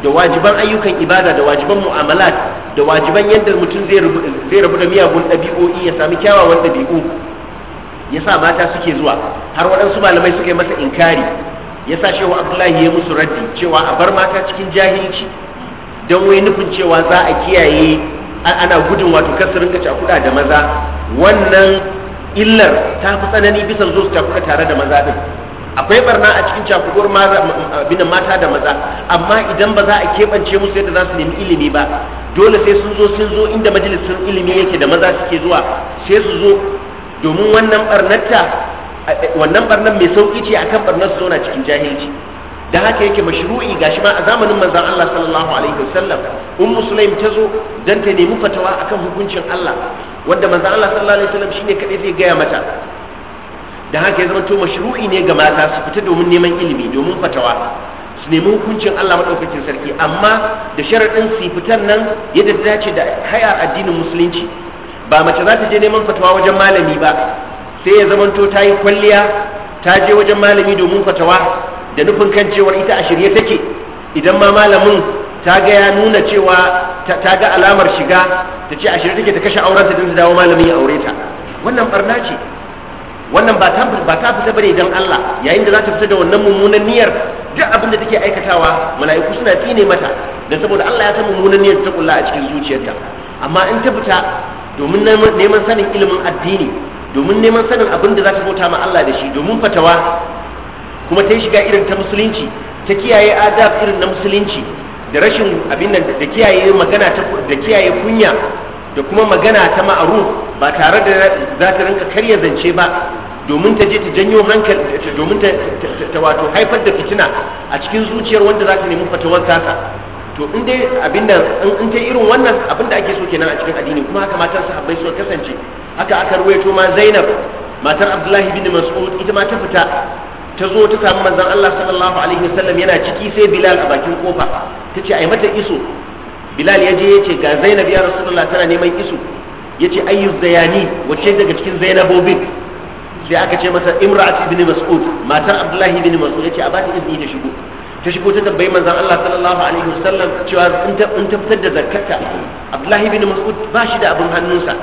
da wajiban ayyukan ibada da wajiban mu'amala da wajiban yadda mutum zai rabu da miyagun ɗabi'o'i ya sami kyawawan ɗabi'u ya sa mata suke zuwa har waɗansu malamai suka yi masa inkari ya sa shehu abdullahi ya musu raddi cewa a bar mata cikin jahilci don wai nufin cewa za a kiyaye ana gudun wato kasu rinka cakuɗa da maza wannan illar ta fi tsanani bisa zo su cakuɗa tare da maza din akwai barna a cikin cakuɗuwar binan mata da maza amma idan ba za a keɓance musu yadda za su nemi ilimi ba dole sai sun zo sun zo inda majalisun ilimi yake da maza suke zuwa sai su zo domin wannan barnarta wannan barnar mai sauki ce akan barnar su zauna cikin jahilci Da haka yake mashru'i shi ma a zamanin manzon Allah sallallahu alaihi wasallam ummu sulaim ta zo dan ta nemi fatawa akan hukuncin Allah wanda manzon Allah sallallahu alaihi wasallam shine kadai zai gaya mata dan haka ya zama to mashru'i ne ga mata su fita domin neman ilimi domin fatawa su nemi hukuncin Allah madaukakin sarki amma da sharaɗin su fitan nan yadda ta dace da haya addinin musulunci ba mace za ta je neman fatawa wajen malami ba sai ya zamanto ta yi kwalliya ta je wajen malami domin fatawa da nufin kan cewar ita a shirye take idan ma malamin ta ga ya nuna cewa ta ga alamar shiga ta ce a shirye take ta kashe auren don ta dawo malamin ya aure ta wannan barna ce wannan ba ta fita bane don Allah yayin da za ta fita da wannan mummunan niyyar duk abin da take aikatawa mala'iku suna tsine mata dan saboda Allah ya san mummunan niyyar ta kulla a cikin zuciyarta amma in ta fita domin neman sanin ilimin addini domin neman sanin abin da za ta bauta ma Allah da shi domin fatawa kuma ta yi shiga irin ta musulunci ta kiyaye adab irin na musulunci da rashin abin nan da kiyaye magana ta da kiyaye kunya da kuma magana ta ma'aruf ba tare da za ta rinka karya zance ba domin ta je ta janyo hankali domin ta wato haifar da fitina a cikin zuciyar wanda za ta nemi fatawar tasa to in dai abin da in ta irin wannan abin da ake so kenan a cikin addini kuma haka matan sahabbai suka kasance haka aka ruwaito ma Zainab matar Abdullahi bin Mas'ud ita ma ta fita ta zo ta samu manzon Allah sallallahu alaihi wasallam yana ciki sai Bilal a bakin kofa ta ce ai mata iso Bilal ya je ya ce ga Zainab ya Rasulullah tana neman iso ya ce ayyu zayani wacce daga cikin Zainabobin sai aka ce masa imra'at ibn mas'ud matar Abdullahi ibn mas'ud ya ce a bata izini ta shigo ta shigo ta tabbai manzon Allah sallallahu alaihi wasallam cewa in ta in ta fitar da zakkata Abdullahi ibn mas'ud ba shi da abin hannunsa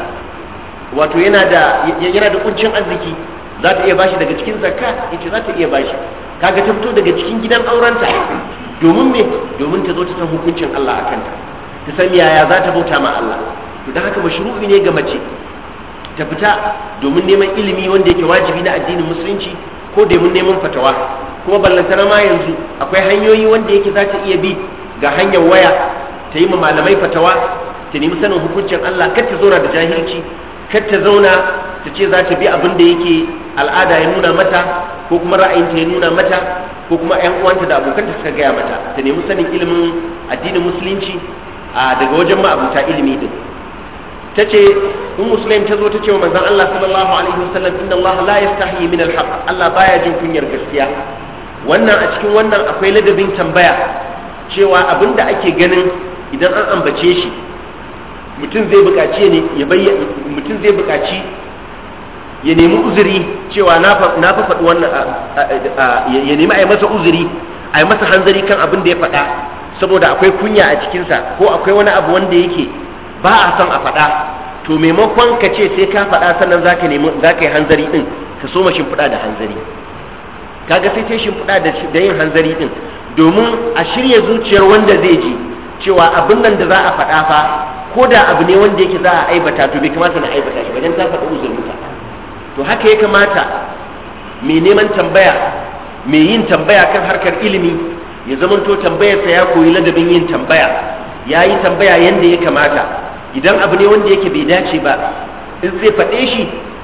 wato yana da yana da kuncin arziki za ta iya bashi daga cikin zakka yace za ta iya bashi kaga ta fito daga cikin gidan aurenta domin me domin ta zo ta san hukuncin Allah akan ta ta san yaya za ta bauta ma Allah to dan haka mashru'i ne ga mace ta fita domin neman ilimi wanda yake wajibi na addinin musulunci ko domin neman fatawa kuma ballantana ma yanzu akwai hanyoyi wanda yake za ta iya bi ga hanyar waya ta yi ma malamai fatawa ta nemi sanin hukuncin Allah kar ta zauna da jahilci kar ta zauna ta ce za ta bi abin da yake al'ada ya nuna mata ko kuma ra'ayinta ya nuna mata ko kuma 'yan uwanta da abokanta suka gaya mata ta nemi sanin ilimin addinin musulunci a daga wajen ma'abuta ilimi din ta ce in Musulmai ta zo ta ce wa manzon Allah sallallahu alaihi wasallam inna Allah la yastahi min alhaq Allah baya jin kunyar gaskiya wannan a cikin wannan akwai ladabin tambaya cewa abinda ake ganin idan an ambace shi mutum zai buƙaci ne ya bayyana mutum zai buƙaci ya nemi uzuri cewa na fa faɗi wannan ya nemi a yi masa uzuri a yi masa hanzari kan abin da ya faɗa saboda akwai kunya a cikinsa ko akwai wani abu wanda yake ba a son a faɗa to maimakon ka ce sai ka faɗa sannan za ka nemi za ka yi hanzari ɗin ka soma shimfiɗa da hanzari kaga sai sai shimfiɗa da yin hanzari ɗin domin a shirya zuciyar wanda zai ji cewa abin nan da za a faɗa fa ko da abu ne wanda yake za a aibata to bai kamata na aibata shi wajen ta faɗa uzurinka to haka ya kamata mai neman tambaya mai yin tambaya kan harkar ilimi ya zamanto tambayarsa ya koyi ladabin yin tambaya ya yi tambaya yadda ya kamata idan abu ne wanda yake bai dace ba in zai faɗe shi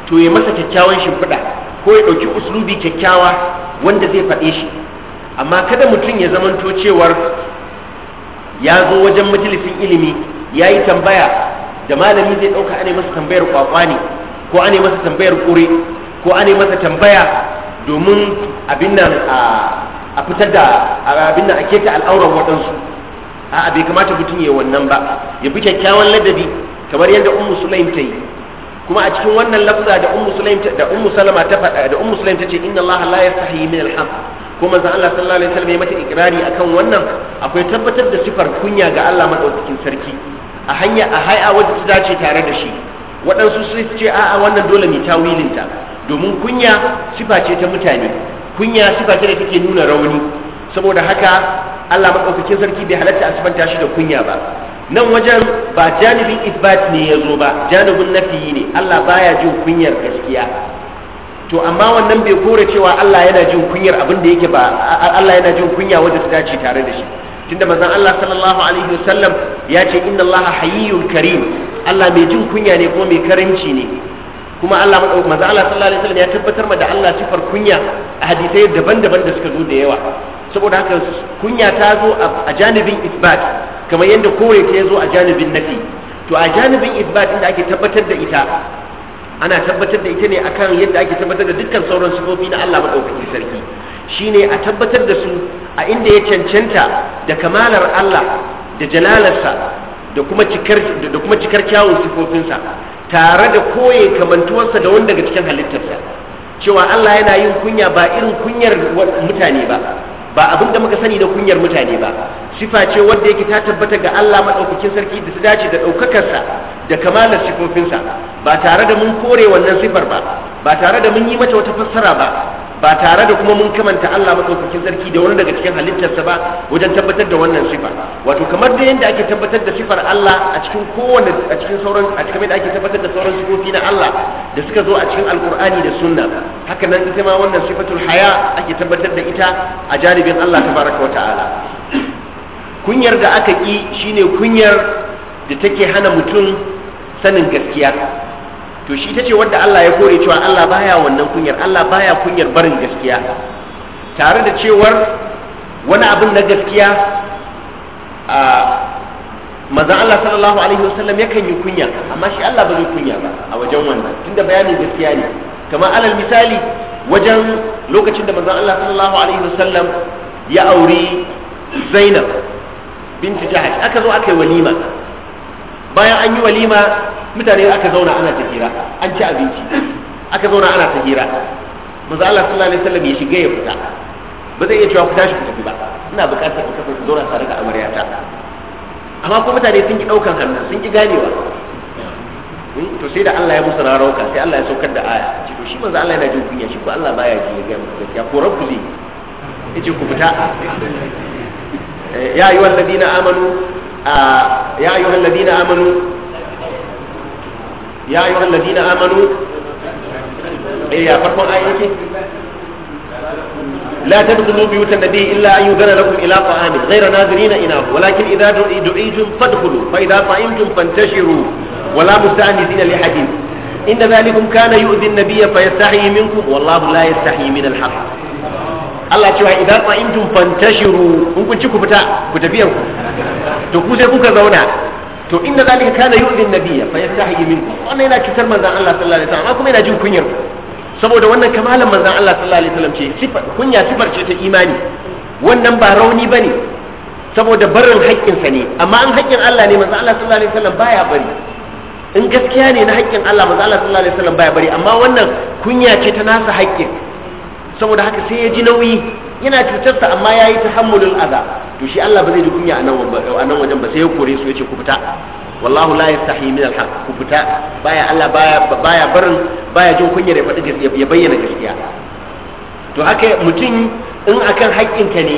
to ya masa kyakkyawan shimfiɗa ko ya ɗauki uslubi kyakkyawa wanda zai faɗe shi amma kada mutum ya zamanto cewar ya zo wajen majalisin ilimi ya yi tambaya da malami zai ɗauka ana masa tambayar kwakwa ne ko an yi masa tambayar kure ko an yi masa tambaya domin abin nan a fitar da abin nan a keta al'auran waɗansu a bai kamata mutum ya wannan ba ya bi kyakkyawan ladabi kamar yadda ummu sulaim ta yi kuma a cikin wannan lafza da ummu sulaim da ummu salama ta faɗa da ummu sulaim ta ce inna allaha la yastahi min al-haq kuma Allah sallallahu alaihi wasallam ya mata ikrari akan wannan akwai tabbatar da sifar kunya ga Allah madaukakin sarki a hanya a hay'a wadda ta dace tare da shi waɗansu su ce a'a wannan dole mu wilinta domin kunya sifa ce ta mutane kunya sifa ce da take nuna rauni saboda haka Allah madaukakin sarki bai halatta a sifanta shi da kunya ba nan wajen ba janibin isbat ne ya zo ba janibin nafiyi ne Allah baya jin kunyar gaskiya to amma wannan bai kore cewa Allah yana jin kunyar abin da yake ba Allah yana jin kunya wanda ta dace tare da shi tunda manzon Allah sallallahu alaihi wasallam ya ce inna Allah hayyul karim Allah mai jin kunya ne kuma mai karanci ne kuma Allah manzon Allah sallallahu alaihi wasallam ya tabbatar ma da Allah sifar kunya a hadisai daban-daban da suka zo da yawa saboda haka kunya ta zo a janibin isbat kamar yadda kowai ta zo a janibin nafi to a janibin isbat inda ake tabbatar da ita ana tabbatar da ita ne akan yadda ake tabbatar da dukkan sauran sifofi na Allah madaukakin sarki shine a tabbatar da su a inda ya cancanta da kamalar Allah da jalalarsa da kuma cikar kyawun sifofinsa tare da koye kamantuwarsa da wanda daga cikin halittarsa cewa Allah yana yin kunya ba irin kunyar mutane ba ba abin da muka sani da kunyar mutane ba sifa ce wanda yake ta tabbata ga Allah maɗaukakin sarki da su dace da ɗaukakarsa da kamalar sifofinsa ba tare da mun kore wannan sifar ba ba tare da mun yi mata wata fassara ba ba tare da kuma mun kamanta Allah madaukakin sarki da wani daga cikin halittarsa ba wajen tabbatar da wannan sifa wato kamar da yadda ake tabbatar da sifar Allah a cikin kowanne a cikin sauran a cikin yadda ake tabbatar da sauran sifofi na Allah da suka zo a cikin alkur'ani da sunna haka nan ita ma wannan sifatul haya ake tabbatar da ita a janibin Allah tabaraka wa ta'ala kunyar da aka ki shine kunyar da take hana mutum sanin gaskiya to shi ta ce wadda Allah ya kore cewa Allah baya wannan kunyar Allah baya kunyar barin gaskiya tare da cewar wani abin na gaskiya a manzon Allah sallallahu alaihi wasallam yakan yi kunya amma shi Allah ba zai kunya ba a wajen wannan tunda bayanin gaskiya ne kamar alal misali wajen lokacin da manzon Allah sallallahu alaihi wasallam ya auri Zainab binti Jahash aka zo aka yi walima bayan an yi walima mutane aka zauna ana ta hira an ci abinci aka zauna ana ta hira manzo Allah sallallahu alaihi wasallam ya shiga ya fita ba zai iya cewa ku tashi ku tafi ba ina buƙatar ku kasance zauna tare da amaryata amma ko mutane sun ki daukan hannu sun ki ganewa hmm, to sai da Allah ya musu rarauka sai Allah ya saukar da aya to shi manzo Allah yana jin kunya shi ko Allah baya ji ya ga gaskiya ko ya ce ku fita آه، يا أيها الذين آمنوا يا أيها الذين آمنوا إيه يا أيها الذين آمنوا يا فرقم آياتي لا تدخلوا بيوت النبي إلا أن يذن لكم إلى طعام غير ناظرين إناه ولكن إذا دعيتم فادخلوا فإذا طعمتم فانتشروا ولا مستأنسين لحديث إن ذلكم كان يؤذي النبي فيستحيي منكم والله لا يستحيي من الحق Allah cewa idan qa'imtum fantashiru in kun ci ku fita ku tafi yanku, to ku sai kuka zauna to inna zalika kana yu'din nabiyya fa yastahi minku, wannan yana cutar manzon Allah sallallahu alaihi wasallam kuma yana jin kunyar saboda wannan kamalan manzon Allah sallallahu alaihi wasallam ce sifar kunya sifar ce ta imani wannan ba rauni bane saboda barin haƙƙinsa ne amma an haƙƙin Allah ne manzon Allah sallallahu alaihi wasallam baya bari in gaskiya ne na haƙƙin Allah manzon Allah sallallahu alaihi wasallam baya bari amma wannan kunya ce ta nasa haƙƙin saboda haka sai ya ji nauyi yana cutarsa amma ya yi tahammulul adha to shi Allah ba zai ji kunya a nan wajen ba sai ya kore su ya ce ku fita wallahu la yastahi min alhaq ku fita baya Allah baya baya barin baya jin kunya da fadi ya bayyana gaskiya to haka mutum in akan haƙƙinka ne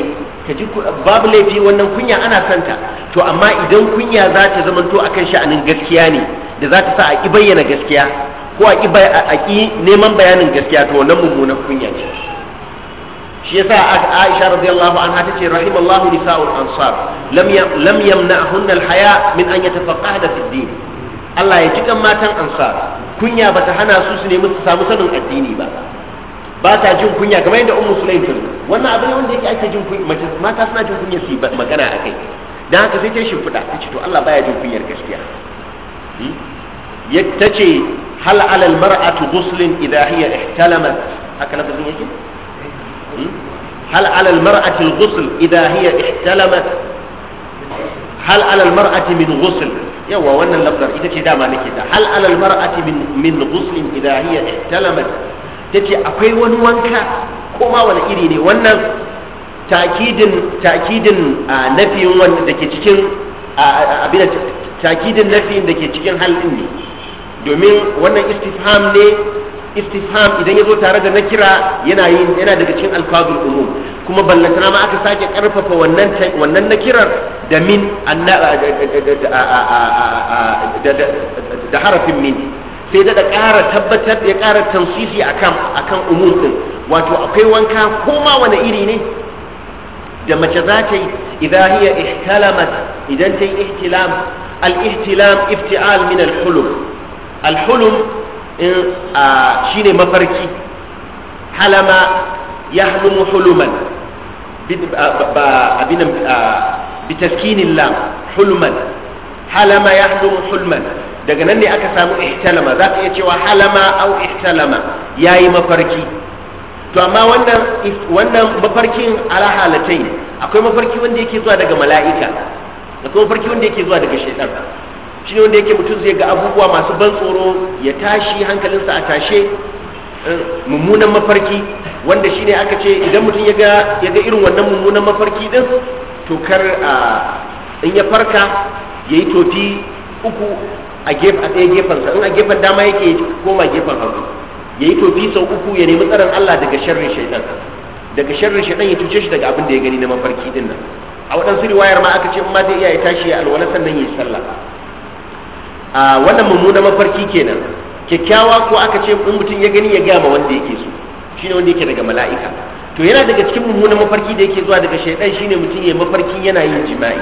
ka ji babu laifi wannan kunya ana santa to amma idan kunya za ta zama to akan sha'anin gaskiya ne da za ta sa a ƙi bayyana gaskiya ko a ƙi neman bayanin gaskiya to wannan mummunan kunya ce shi yasa Aisha radiyallahu anha tace rahimallahu nisa'ul ansar lam lam yamna'hunna al-haya min an yatafaqahna fi din Allah ya cikan matan ansar kunya bata hana su su nemi su samu sanin addini ba ba ta jin kunya kamar yadda ummu sulaim ta wannan abin wanda yake ake jin kunya mace mata suna jin kunya su magana akai dan haka sai ta shi ta ce to Allah baya jin kunyar gaskiya hmm? ya tace hal alal mar'atu ghuslin idha hiya ihtalamat haka lafazin yake Hmm? هل على المرأة الغسل إذا هي احتلمت هل على المرأة من غسل wannan lafzar ita ce dama nake ta hal alal mar'ati min min ghuslin idha hiya ihtalamat tace akwai wani wanka ko ma wani iri ne wannan takidin takidin nafiyin wanda dake cikin hal takidin nafiyin dake cikin halin ne wannan istifham ne istifham idan ya zo tare da na kira yana yin yana daga cikin alfazul umum kuma ballantana ma aka sake karfafa wannan wannan na kirar da min da harafin min sai da ƙara tabbatar ya ƙara tansisi akan akan umum din wato akwai wanka ko ma wani iri ne da mace za ta yi idan hiya ihtalamat idan ta yi ihtilam al ihtilam iftial min al hulum al hulum in a shine mafarki halama ya hulumu huluman abin bi taskinin lam huluman halama ya hulumu huluman daga nan ne aka samu ihtalama za ka iya cewa halama au ihtalama ya yi mafarki to amma wannan wannan mafarkin ala halatai akwai mafarki wanda yake zuwa daga mala'ika akwai kuma mafarki wanda yake zuwa daga shaitan shi ne wanda yake mutum zai ga abubuwa masu ban tsoro ya tashi hankalinsa a tashe eh, mummunan mafarki wanda shi ne aka ce idan mutum ya ga irin wannan mummunan mafarki din to kar in ya farka ya yi toti uku a ɗaya gefensa in a gefen dama yake koma gefen hagu ya yi tofi sau uku ya nemi tsaron Allah daga sharrin shaidan daga sharrin shaidan ya cuce shi daga abin da ya gani na mafarki din nan a waɗansu riwayar ma aka ce in ma zai iya ya tashi ya alwala sannan ya yi sallah a wannan mummuna mafarki kenan kyakkyawa ko aka ce in mutum ya gani ya gaya ma wanda yake so shi ne wanda yake daga mala'ika to yana daga cikin mummunan mafarki da yake zuwa daga shaidan shine mutum ya mafarki yana yin jima'i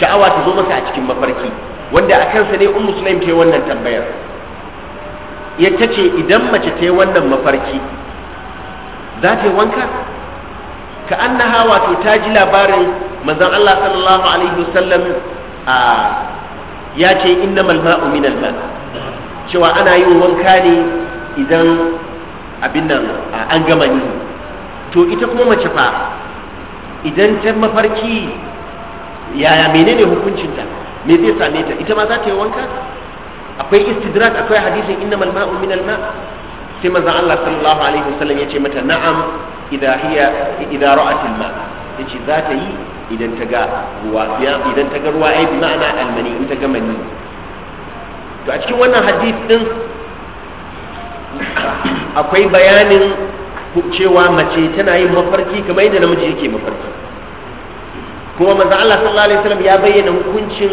sha'awa ta zo masa a cikin mafarki wanda a kansa ne ummu sulaim ta wannan tambayar ya ce idan mace ta yi wannan mafarki za ta yi wanka ka annaha wato ta ji labarin manzon Allah sallallahu alaihi wasallam a ya ce innamal ma'u minal ma cewa ana yin wanka ne idan abin nan an gama ni to ita kuma mace fa idan ta mafarki yaya menene hukuncinta me zai same ta ita ma za ta yi wanka akwai istidrak akwai hadisin innamal ma'u minal ma sai maza Allah sallallahu alaihi wasallam ya ce mata na'am idha hiya ma ya ce za ta yi idan ta ga ruwa idan ta ga ruwa ai bi ma'ana almani in ta ga mani to a cikin wannan hadith din akwai bayanin cewa mace tana yin mafarki kamar yadda namiji yake mafarki kuma manzo Allah sallallahu alaihi wasallam ya bayyana hukuncin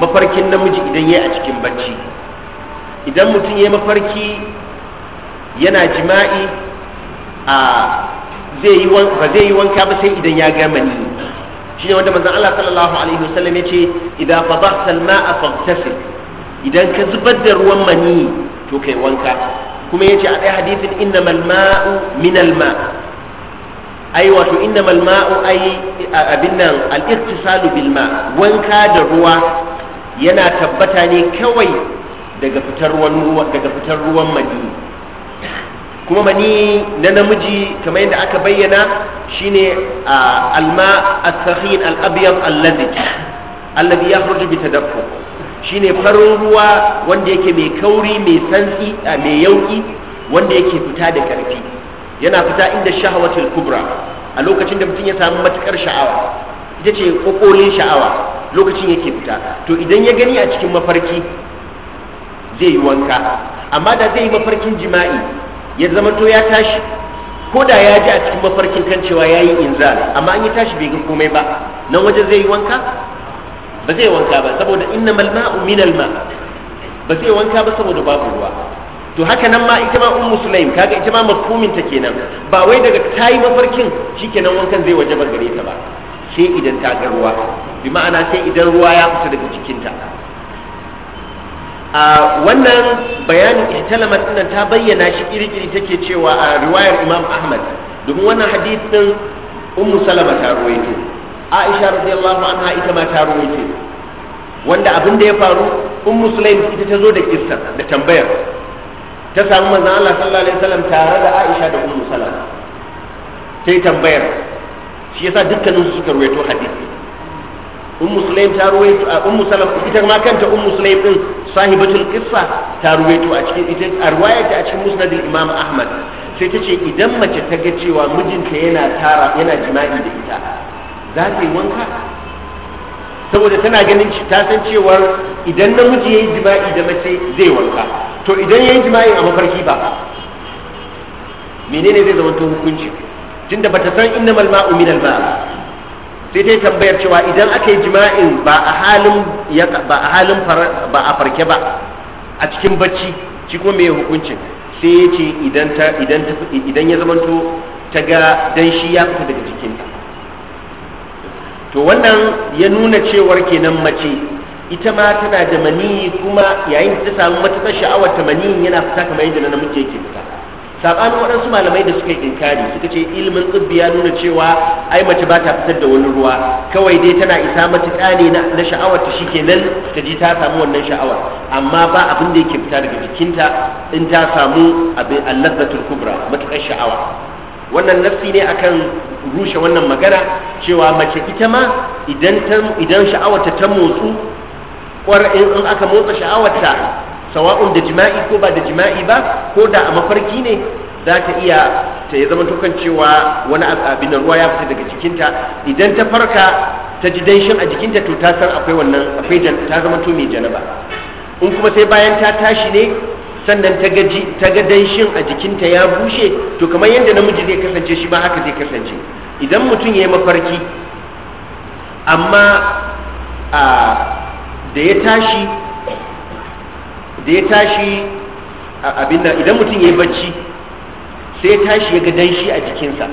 mafarkin namiji idan yayi a cikin bacci idan mutum yayi mafarki yana jima'i a zai yi ba zai yi wanka ba sai idan ya ga mani shine wanda manzon Allah sallallahu alaihi wasallam yace idan fadhahta al-ma'a faghtasil idan ka zubar da ruwan mani to kai wanka kuma yace a ɗaya hadisin innamal ma'u min al-ma' ai wato innamal ma'u ai abin nan al-ittisalu bil ma' wanka da ruwa yana tabbata ne kawai daga fitar ruwan daga fitar ruwan mani kuma mani na namiji kamar yadda aka bayyana shine alma as-sakhin al-abyad ya alladhi yakhruju bi Shi shine farin ruwa wanda yake mai kauri mai santsi mai yauki wanda yake fita da karfi yana fita inda shahawatul kubra a lokacin da mutum ya samu matukar sha'awa ita ce kokolin sha'awa lokacin yake fita to idan ya gani a cikin mafarki zai yi wanka amma da zai yi mafarkin jima'i ya zama to ya tashi ko da ya ji a cikin mafarkin kan cewa ya yi inzal amma an yi tashi bai ga komai ba nan waje zai yi wanka ba zai wanka ba saboda inna malma minal ma ba zai wanka ba saboda babu ruwa to haka nan ma ita ma ummu sulaim kaga ita ma mafhumin ta kenan ba wai daga tayi mafarkin shikenan wankan zai waje ba gare ta ba sai idan ta ga ruwa bi ma'ana sai idan ruwa ya fita daga cikinta a wannan bayanin ihtalama din ta bayyana shi iri-iri take cewa a riwayar Imam Ahmad domin wannan hadisin Ummu Salama ta ruwaito Aisha radiyallahu anha ita ma ta ruwaito wanda abin da ya faru Ummu Sulaim ita ta zo da kissa da tambayar ta samu manzon Allah sallallahu alaihi wasallam tare da Aisha da Ummu Salama sai tambayar shi yasa dukkanin su suka ruwaito hadisi ummu sulaim ta ruwaito a ummu salama ita ma kanta ummu sulaim din sahibatul qissa ta ruwaito a cikin ita a ruwayata a cikin musnadul imam ahmad sai ta ce idan mace ta ga cewa mijinta yana tara yana jima'i da ita za ta yi wanka saboda tana ganin ta san cewar idan namiji yi jima'i da mace zai wanka to idan ya yi jima'i a mafarki ba menene zai zama to hukunci tunda bata san innamal ma'u minal ma' sai ta tambayar cewa idan aka yi jima'in ba a halin ba a halin ba a farke ba a cikin bacci shi ko me hukuncin sai ya ce idan ta idan ta idan ya zamanto ta ga dan shi ya fita daga jikinta to wannan ya nuna cewar kenan mace ita ma tana da mani kuma yayin da ta samu matuƙar sha'awar ta mani yana fita kamar yadda na namiji yake fita sabanin waɗansu malamai da suka yi inkari suka ce ilimin tsibbi ya nuna cewa ai mace ba ta fitar da wani ruwa kawai dai tana isa matuƙa ne na sha'awar ta kenan ta ji ta samu wannan sha'awar amma ba abin da yake fita daga jikinta in ta samu abin allazzatul kubra matuƙar sha'awa wannan nafsi ne akan rushe wannan magana cewa mace ita ma idan idan sha'awarta ta motsu kwar in aka motsa sha'awarta sawa'un da jima'i ko ba da jima'i ba ko da a mafarki ne za ta iya ta ya zama tukan cewa wani abin da ruwa ya fita daga jikinta idan ta farka ta ji danshin a jikinta to ta san akwai wannan akwai ta zama to mai janaba in kuma sai bayan ta tashi ne sannan ta gaji ta ga danshin a jikinta ya bushe to kamar yadda namiji zai kasance shi ba haka zai kasance idan mutum ya yi mafarki amma da ya tashi da ya tashi abin nan idan mutum ya yi bacci sai ya tashi ya ga danshi a jikinsa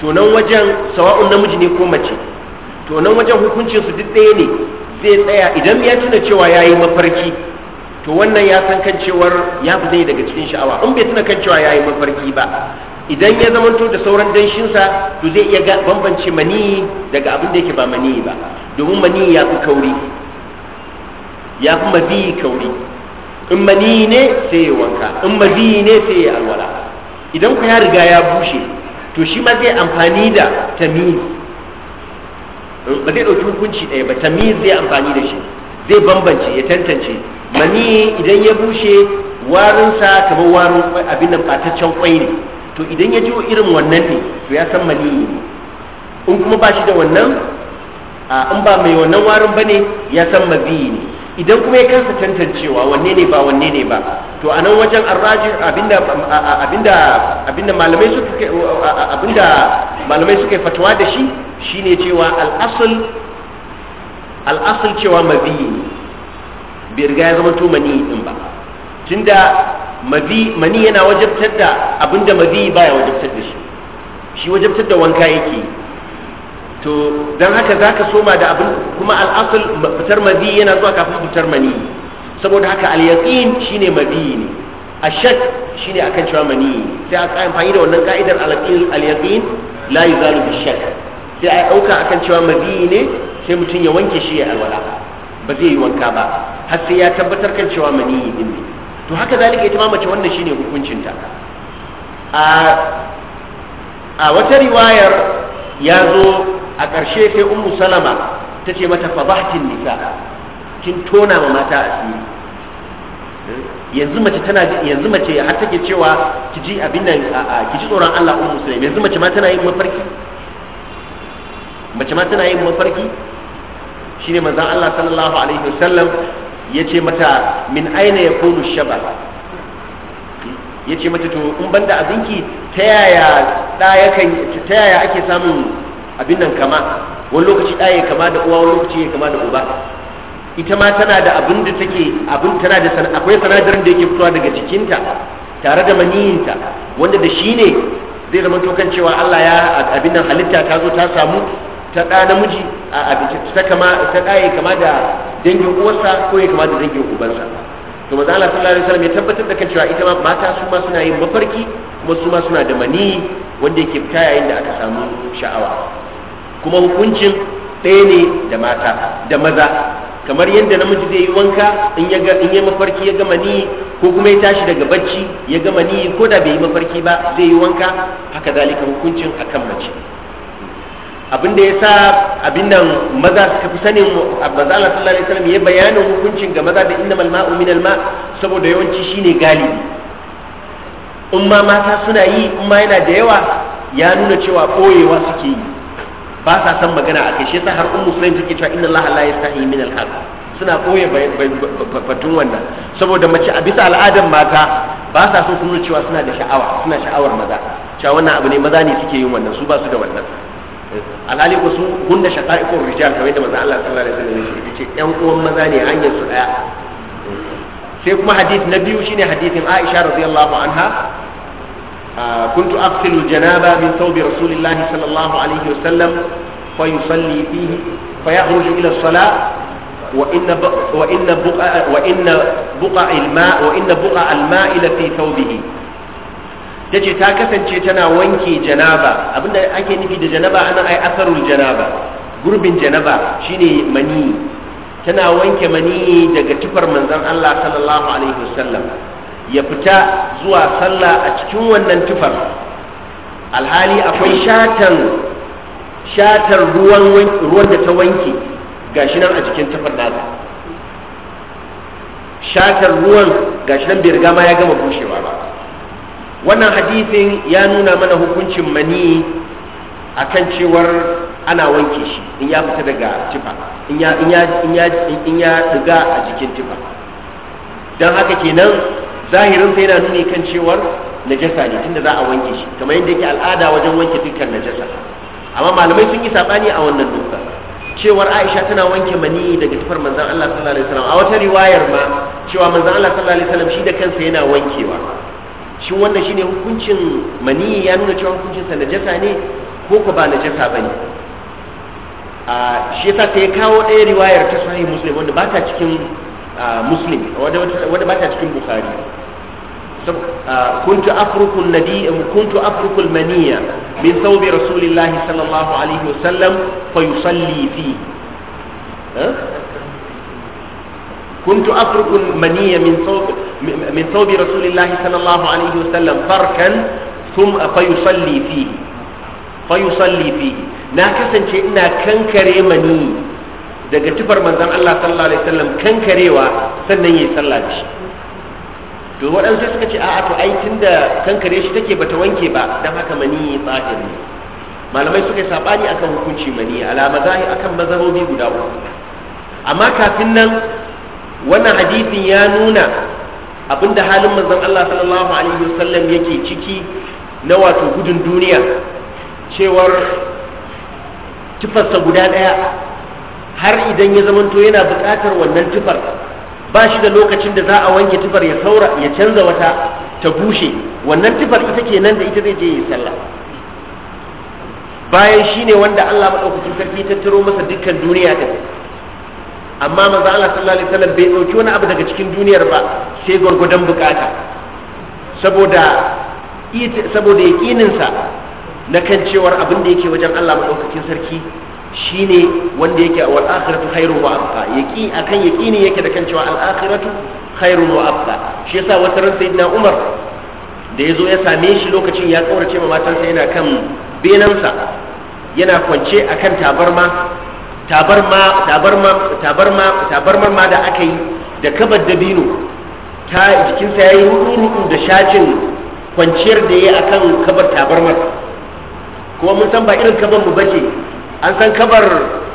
to nan wajen sawa'un namiji ne ko mace to nan wajen hukuncin su duk ɗaya ne zai tsaya idan ya tuna cewa ya yi mafarki to wannan ya san kan cewar ya fi zai daga cikin sha'awa in bai tuna kan cewa ya yi mafarki ba idan ya zamanto da sauran danshinsa to zai iya bambance maniyi daga abin da yake ba maniyi ba domin maniyi ya fi kauri ya fi mabiyi kauri in mani ne sai ya wanka in mabiyi ne sai ya alwala idan ku ya riga ya bushe to shi ma zai amfani da tamiz ba zai ɗauki hukunci ɗaya ba tamiz zai amfani da shi zai bambance ya tantance mani idan ya bushe warinsa kamar warin abin nan fataccen kwai ne to idan ya jiwo irin wannan ne to ya san mani ne in kuma ba shi da wannan in ba mai wannan warin ba ne ya san mabiyi ne idan kuma ya kansa tantancewa wanne ne ba wanne ne ba to a nan wajen arraji abinda abinda abinda malamai suka abinda malamai suka fatuwa da shi shine cewa al-asl al-asl cewa mabi bai riga ya zama to mani din ba tunda mabi mani yana wajabtar da abinda mabi baya wajabtar da shi shi wajabtar da wanka yake to don haka za ka soma da abin kuma al'asul fitar mazi yana zuwa kafin fitar mani saboda haka al-yaqin shine mabi ne ashak shine akan cewa mani sai aka amfani da wannan ka'idar al-yaqin la yuzalu bi shak sai ai dauka akan cewa mabi ne sai mutum ya wanke shi ya alwala ba zai yi wanka ba har sai ya tabbatar kan cewa mani din ne to haka zalika ita ma mace wannan shine hukuncin ta a a wata riwayar ya zo a ƙarshe sai ummu salama ta ce mata fadahtin nisa kin tona ma mata asiri yanzu mace tana yanzu mace har take cewa ki ji abin nan ki ji tsoron Allah ummu salama yanzu mace ma tana yin mafarki mace ma tana yin mafarki shine manzon Allah sallallahu alaihi wasallam yace mata min aina yakunu shabab yace mata to in banda abinki ta yaya da yakan ta yaya ake samun abin nan kama wani lokaci ɗaya kama da uwa wani lokaci ya kama da uba ita ma tana da abin da take abin tana da sana akwai sanadarin da yake fitowa daga jikinta tare da maniyinta wanda da shi ne zai zama to kan cewa Allah ya abin nan halitta ta zo ta samu ta ɗa namiji a abin ta kama ta ɗaya kama da dangin uwarsa ko ya kama da dangin ubansa to maza Allah sallallahu alaihi wasallam ya tabbatar da kan cewa ita ma mata su ma suna yin mafarki kuma su ma suna da mani wanda yake fita yayin da aka samu sha'awa kuma hukuncin ɗaya ne da mata da maza kamar yadda namiji zai yi wanka in yi ya mafarki ya gama ni ko kuma ya tashi daga bacci ya gama ni ko da bai yi mafarki ba zai yi wanka haka zalika hukuncin akan mace abin da ya sa abin nan maza suka fi sanin maza Allah sallallahu alaihi wasallam ya bayanin hukuncin ga maza da innamal ma'u minal ma saboda yawanci shine galibi in ma mata suna yi in ma yana da yawa ya nuna cewa koyewa suke yi ba sa san magana a kai shi yasa har ummu sulaim take cewa inna allaha la yastahi min al-haq suna koye batun wannan saboda mace a bisa al'adar mata ba sa so kuma cewa suna da sha'awa suna sha'awar maza cewa wannan abu ne maza ne suke yin wannan su ba su da wannan alhali ko su hunna shaqa'iqur rijal kamar yadda manzo Allah sallallahu alaihi wasallam ya ce yan uwan maza ne hanyar su daya sai kuma hadith na biyu shine hadithin Aisha radiyallahu anha كنت أغسل الجنابة من ثوب رسول الله صلى الله عليه وسلم فيصلي فيه فيخرج إلى الصلاة وإن وإن بقع وإن بقع الماء وإن بقع الماء في ثوبه tace ta kasance tana wanke janaba abinda ake nufi da janaba ana ai asarul janaba gurbin janaba shine mani tana wanke mani daga tufar manzon Allah sallallahu alaihi wasallam ya fita zuwa sallah a cikin wannan tufar alhali akwai shatar ruwan ruwan da ta wanke gashi nan a cikin tufar nasa shatar ruwan gashi nan bai riga ma ya gama bushewa ba wannan hadisin ya nuna mana hukuncin mani akan cewar ana wanke shi in ya fita daga tufa in ya daga a jikin tufa don haka kenan zahirin sai yana nuni kan cewar najasa ne tunda za a wanke shi kamar yadda yake al'ada wajen wanke dukkan najasa amma malamai sun yi sabani a wannan dokar cewar Aisha tana wanke mani daga tufar manzon Allah sallallahu alaihi wasallam a wata riwayar ma cewa manzon Allah sallallahu alaihi wasallam shi da kansa yana wankewa shi wannan shine hukuncin mani ya nuna cewa hukuncin sa najasa ne ko ko ba najasa bane a shi yasa sai kawo ɗaya riwayar ta sahih muslim wanda ba ta cikin muslim wanda ba ta cikin bukhari آه، كنت أفرك الندي كنت أفرك المنية من ثوب رسول الله صلى الله عليه وسلم فيصلي فيه أه؟ كنت أفرك المنية من ثوب من ثوب رسول الله صلى الله عليه وسلم فركا ثم فيصلي فيه فيصلي فيه ناكسا شئنا ina kankare mani daga tufar manzon Allah sallallahu alaihi wasallam kankarewa sannan yayi sallah da shi to waɗansu suka ce a'a to ai da kankare shi take bata wanke ba dan haka mani tsahir ne malamai suka yi sabani akan hukunci mani ala mazahi akan mazhabobi guda uku amma kafin nan wannan hadisin ya nuna abinda halin manzon Allah sallallahu alaihi wasallam yake ciki na wato gudun duniya cewar tufarsa guda ɗaya har idan ya zamanto yana buƙatar wannan tufar ba shi da lokacin da za a wanke tufar ya saura ya canza wata ta bushe wannan tufar ita ke nan da ita zai je ya sallah bayan shi ne wanda Allah maɗaukacin sarki ta turo masa dukkan duniya da amma maza Allah sallallahu alaihi wasallam bai ɗauki wani abu daga cikin duniyar ba sai gwargwadon bukata saboda saboda yaƙininsa na kan cewar abin da yake wajen Allah maɗaukacin sarki shine wanda yake a akhiratu hairu wa abqa yaqi akan ne yake da kan cewa al akhiratu wa abqa shi yasa wata ran sayyidina Umar da ya zo ya same shi lokacin ya kaurace ma matansa yana kan benansa yana kwance akan tabarma tabarma tabarma tabarma tabarma ma da aka yi da kabar dabino ta jikinsa yayi rudu da shacin kwanciyar da yayi akan kabar tabarmar kuma mun san ba irin kabar mu bace an san kabar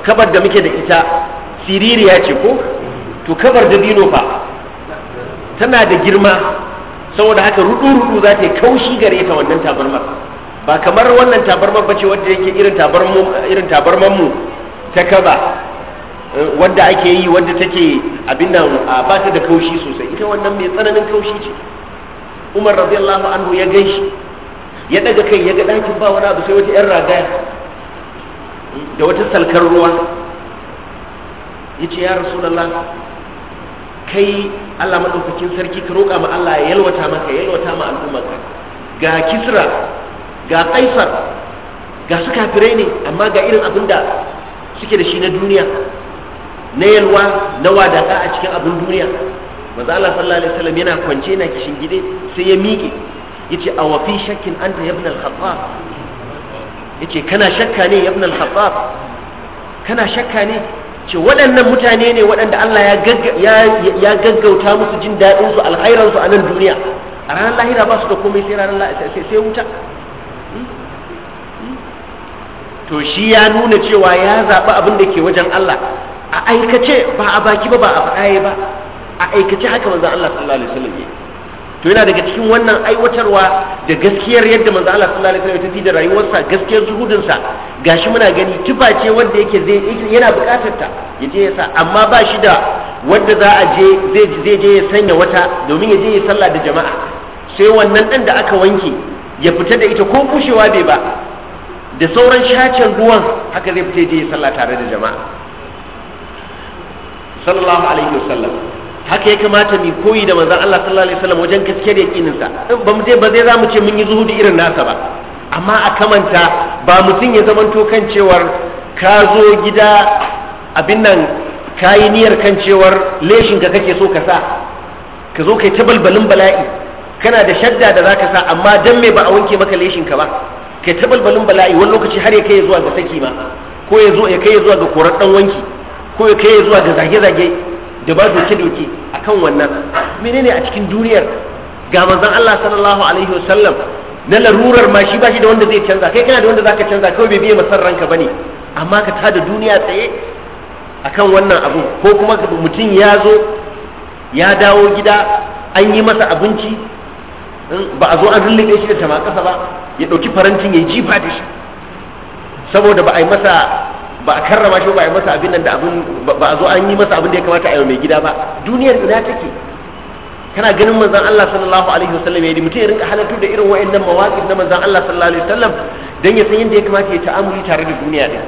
kabar da muke da ita siririya ce ko to kabar da dino fa tana da girma saboda haka rudu-rudu za ta yi kaushi gare ta wannan tabarmar ba kamar wannan tabarmar ba ce wadda yake irin tabarmar mu ta kaba eh, wadda ake yi wadda take abin nan ba ta da kaushi sosai ita wannan mai tsananin kaushi ce umar radiyallahu anhu ya gaishi ya daga kai ya ga ɗakin ba wani abu sai wata 'yan ragaya da wata salkar ruwa ya ce ya rasulallah kai Allah maɗaukakin sarki ka roƙa ma Allah ya yalwata maka ya yalwata ma al'ummarka ga kisra ga kaisar ga su kafirai ne amma ga irin abin da suke da shi na duniya na yalwa na wadaka a cikin abin duniya maza Allah sallallahu alaihi wasallam yana kwance na kishin gide sai ya miƙe yace a wafi shakkin anta ibn al-khattab yace kana shakka ne ibn al-khattab kana shakka ne ce waɗannan mutane ne waɗanda Allah ya gaggauta musu jin daɗin su alkhairan su a nan duniya a ranar lahira ba su da komai sai ranar sai wuta hmm? Hmm? to shi ya nuna cewa ya zaɓi abin da ke wajen Allah a aikace ba a baki ba ba a faɗaye ba a aikace haka manzon Allah sallallahu alaihi wasallam to yana daga cikin wannan aiwatarwa da gaskiyar yadda manzo Allah sallallahu alaihi wasallam ya tafi da rayuwarsa gaskiyar zuhudin sa gashi muna gani tufa ce wanda yake zai yana bukatar ta yaje ya sa amma ba shi da wanda za a je zai zai je ya sanya wata domin ya je ya sallah da jama'a sai wannan dan da aka wanke ya fita da ita ko kushewa bai ba da sauran shacin ruwan haka zai fita ya je ya sallah tare da jama'a sallallahu alaihi wasallam haka ya kamata mu koyi da manzon Allah sallallahu alaihi wasallam wajen kaskiyar yakinin sa ba mu je ba zai zamu ce mun yi zuhudi irin nasa ba amma a kamanta ba mutum ya zamanto kan cewar ka zo gida abin nan ka niyyar kan cewar leshin ka kake so ka sa ka zo kai ta balbalin bala'i kana da shadda da zaka sa amma dan me ba a wanke maka leshin ka ba kai ta balbalin bala'i wani lokaci har ya kai zuwa ga saki ma ko ya zo ya kai zuwa ga korar dan wanki ko ya kai zuwa ga zage-zage da ba doke doke kan wannan menene a cikin duniyar ga manzon Allah sallallahu alaihi wasallam na larurar ma shi ba shi da wanda zai canza kai kana da wanda zaka canza kawai bai biye masar ranka bane amma ka ta da duniya tsaye akan wannan abu ko kuma mutum ya zo ya dawo gida an yi masa abinci hmm, ba a zo an rullube shi da tama kasa ba ya ɗauki farantin ya jifa da shi saboda ba a yi masa ba a karrama shi ba a yi masa abin nan da abin ba a zo an yi masa abin da ya kamata a yi mai gida ba duniyar ina take kana ganin manzon Allah sallallahu alaihi wasallam yayi mutum ya rinka halartu da irin wa'annan mawaqif na manzon Allah sallallahu alaihi wasallam dan ya san yadda ya kamata ya ta'amuli tare da duniya din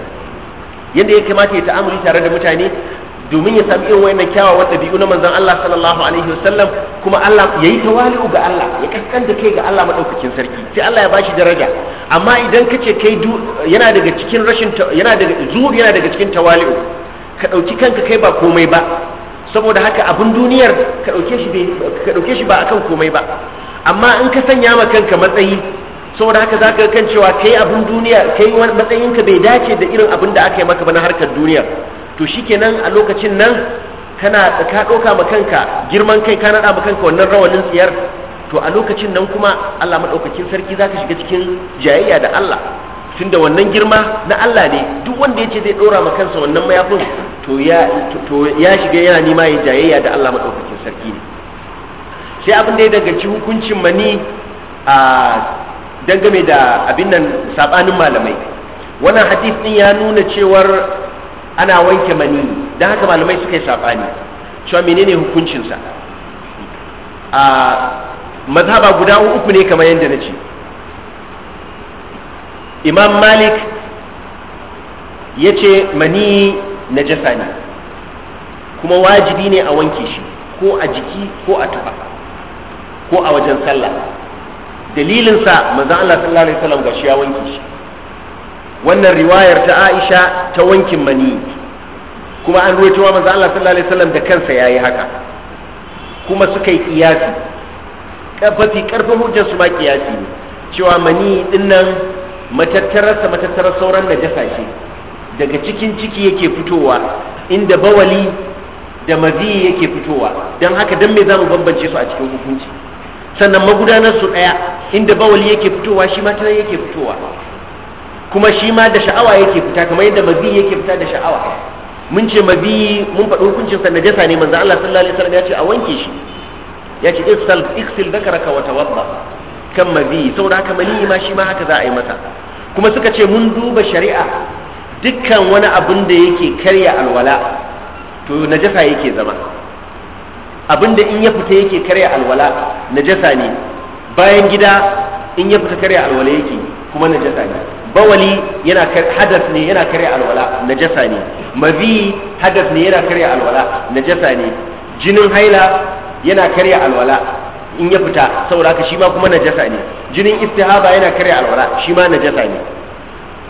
yadda ya kamata ya ta'amuli tare da mutane domin ya sami irin wayannan kyawawan ɗabi'u na manzon Allah sallallahu alaihi wasallam kuma Allah ya yi tawali'u ga Allah ya kaskanta kai ga Allah madaukakin sarki sai Allah ya bashi daraja amma idan kace kai yana daga cikin rashin yana daga zuhur yana daga cikin tawali'u ka dauki kanka kai ba komai ba saboda haka abin duniyar ka dauke shi ka dauke shi ba akan komai ba amma in ka sanya ma kanka matsayi saboda haka za ka kan cewa kai abin duniya kai matsayinka bai dace da irin abin da aka yi maka ba na harkar duniyar. to shikenan a lokacin nan kana ka ɗauka ma kanka girman kai ka naɗa ma kanka wannan rawanin tsiyar to a lokacin nan kuma Allah maɗaukakin sarki za ka shiga cikin jayayya da Allah Tun da wannan girma na Allah ne duk wanda ya ce zai ɗora ma kansa wannan mayafin to ya shiga yana nima ya jayayya da Allah maɗaukakin sarki ne sai abin da ya danganci hukuncin mani a dangane da abin nan saɓanin malamai wannan hadith din ya nuna cewar ana wanke mani don haka malamai suka yi saɓani cewa menene hukuncinsa a mazhaba guda uku ne kamar yadda na ce imam malik ya ce mani na jasa ne kuma wajibi ne a wanke shi ko a jiki ko a tufa ko a wajen sallah dalilinsa maza'ala Allah sallallahu alaihi wasallam shi ya wanke shi wannan riwayar ta Aisha ta wankin mani kuma an ruwa wa manzo Allah sallallahu alaihi wasallam da kansa yayi haka kuma suka yi kiyasi kafafi karfin hujjar su ma kiyasi ne cewa mani din nan sa matattarar sauran najasa ce daga cikin ciki yake fitowa inda bawali da mazi yake fitowa don haka don me za mu bambance su a cikin hukunci sannan magudanar su ɗaya inda bawali yake fitowa shi ma yake fitowa kuma shi ma da sha'awa yake fita kamar yadda mazi yake fita da sha'awa mun ce mazi mun faɗi hukuncin sa najasa ne manzo Allah sallallahu alaihi wasallam ya ce a wanke shi ya ce ifsal iksil dakaraka wa tawadda kan mazi saboda haka mani ma shi ma haka za a yi masa kuma suka ce mun duba shari'a dukkan wani abin da yake karya alwala to najasa yake zama abin da in ya fita yake karya alwala najasa ne bayan gida in ya fita karya alwala yake kuma najasa ne bawali yana hadas ne yana karya alwala najasa ne mazi hadas ne yana karya alwala najasa ne jinin haila yana karya alwala in ya fita saboda haka shi ma kuma najasa ne jinin istihaba yana karya alwala shi ma najasa ne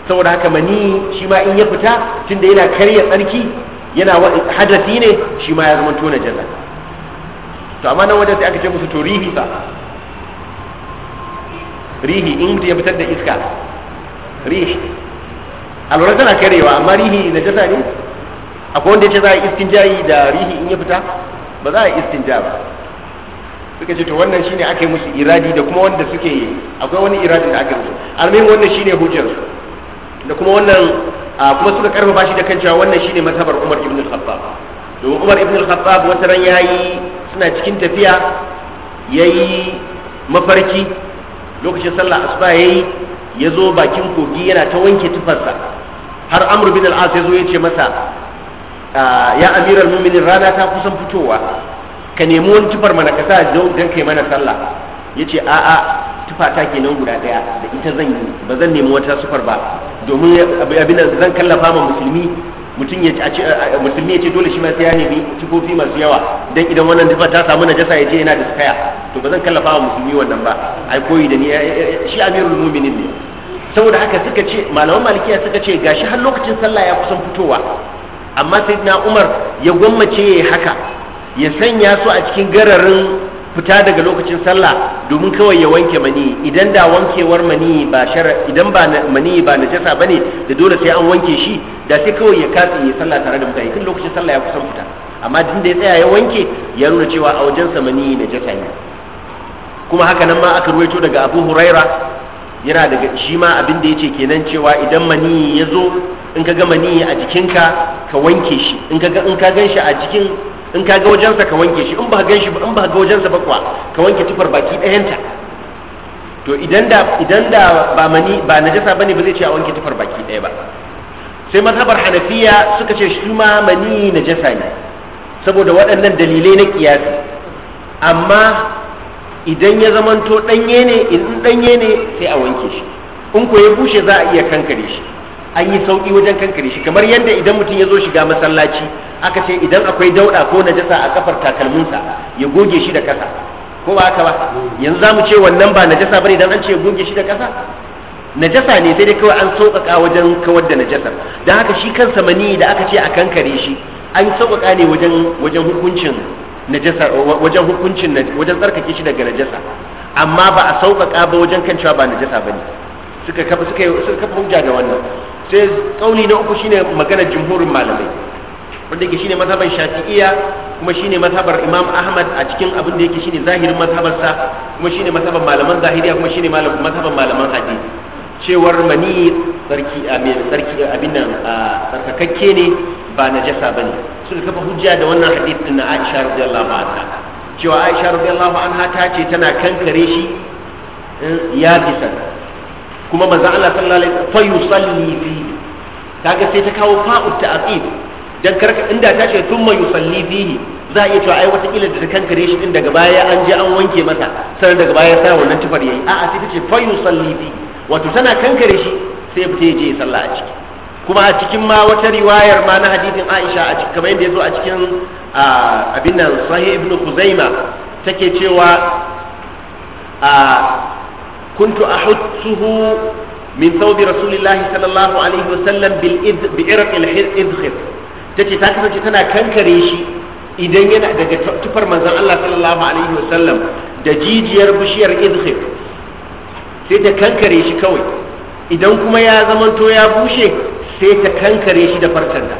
saboda haka mani shi ma in ya fita tunda yana karya tsarki yana hadasi ne shi ma ya zama to najasa to amma nan wajen sai aka ce musu to rihi ba, rihi in ya fitar da iska rish alwala tana karewa amma rihi na jasa ne akwai wanda ya ce za a jayi da rihi in ya fita ba za a istinja ba suka ce to wannan shine aka yi musu iradi da kuma wanda suke yi akwai wani iradi da aka yi musu almin wannan shine hujjar da kuma wannan kuma suka karfafa shi da kan cewa wannan shine mazhabar Umar ibn al-Khattab domin Umar ibn al-Khattab wata ran yayi suna cikin tafiya yayi mafarki lokacin sallah asuba yayi ya zo bakin kogi yana ta wanke tufarsa har amr bin al-as ya zo ya ce masa ah, ya al mu'minin rana ta kusan fitowa ka nemi wani tufar mana ka sa don kai mana sallah ya ce a'a tufa ta ke nan guda daya da ita zan yi ba zan nemi wata sufar ba domin abin zan kallafa ma musulmi mutum ya ce mutum ya ce dole shi ma sai ya nemi sifofi masu yawa dan idan wannan dafa ta samu najasa ya ce yana da skaya to ba zan kallafa wa musulmi wannan ba ai koyi da ni shi amirul mu'minin ne saboda haka suka ce malaman malikiya suka ce gashi har lokacin sallah ya kusan fitowa amma sayyidina umar ya gwammace haka ya sanya su a cikin gararin fita daga lokacin sallah domin kawai ya wanke mani idan da wankewar mani ba shara idan ba mani ba najasa bane da dole sai an wanke shi da sai kawai ya katse ya sallah tare da mutane tun lokacin sallah ya kusan fita amma din da ya tsaya ya wanke ya nuna cewa a wajen sa mani najasa ne kuma haka nan ma aka ruwaito daga Abu Huraira yana daga shi ma abin da yace kenan cewa idan mani ya zo in ka ga mani a jikinka ka wanke shi in ka ga in ka gan shi a jikin in ka ga wajensa ka wanke shi in ba gan shi ba in ba ga wajensa ba kuwa ka wanke tufar baki ɗayanta to idan da idan da ba mani ba najasa bane ba zai ce a wanke tufar baki ɗaya ba sai mazhabar hanafiya suka ce shi ma mani najasa ne saboda waɗannan dalilai na kiyasi amma idan ya zamanto ɗanye ne in ɗanye ne sai a wanke shi in ko ya bushe za a iya kankare shi an yi sauki wajen kankare shi kamar yadda idan mutum ya zo shiga masallaci aka ce idan akwai dauda ko najasa a kafar takalminsa ya goge shi da kasa ko ba haka ba yanzu zamu ce wannan ba najasa bane idan an ce goge shi da kasa najasa ne sai dai kawai an sauƙaƙa wajen kawar da najasa don haka shi kansa mani da aka ce a kankare shi an sauƙaƙa ne wajen wajen hukuncin najasa wajen hukuncin wajen tsarkake shi daga najasa amma ba a sauƙaƙa ba wajen kan cewa ba najasa bane suka kafa suka suka kafa hujja da wannan sai kauli na uku shine maganar jumhurin malamai wanda yake shine mazhaban shafi'iyya kuma shine mazhabar imam ahmad a cikin abin da yake shine zahirin mazhabarsa kuma shine mazhaban malaman zahiriya kuma shine mazhaban malaman hadisi cewar mani sarki sarki abin nan sarkakakke ne ba najasa bane suka kafa hujja da wannan hadisin na Aisha radiyallahu anha cewa Aisha radiyallahu anha ta ce tana kankare shi eh, ya bisa kuma manzon Allah sallallahu alaihi wasallam fa yusalli fi kaga sai ta kawo fau ta'qib dan karka inda ta ce thumma yusalli fihi za a iya cewa ai wata kila da ta kankare shi din daga baya an je an wanke masa sannan daga baya sai wannan tufar yayi a'a sai ta ce fa yusalli fihi wato tana kankare shi sai ta je sallah a ciki kuma a cikin ma wata riwayar ma na hadithin Aisha a cikin kamar yadda yazo a cikin abin nan Sahih Ibn Khuzaimah take cewa a كنت أحثه من ثوب رسول الله صلى الله عليه وسلم بعرق الإذخر تتي تاكسا تتنا كان كريشي إذن ينا دقى تفر منزل الله صلى الله عليه وسلم دجيج يربشير إذخر sai ta kankare shi kawai idan kuma ya zamanto ya bushe sai ta kankare shi da farcenta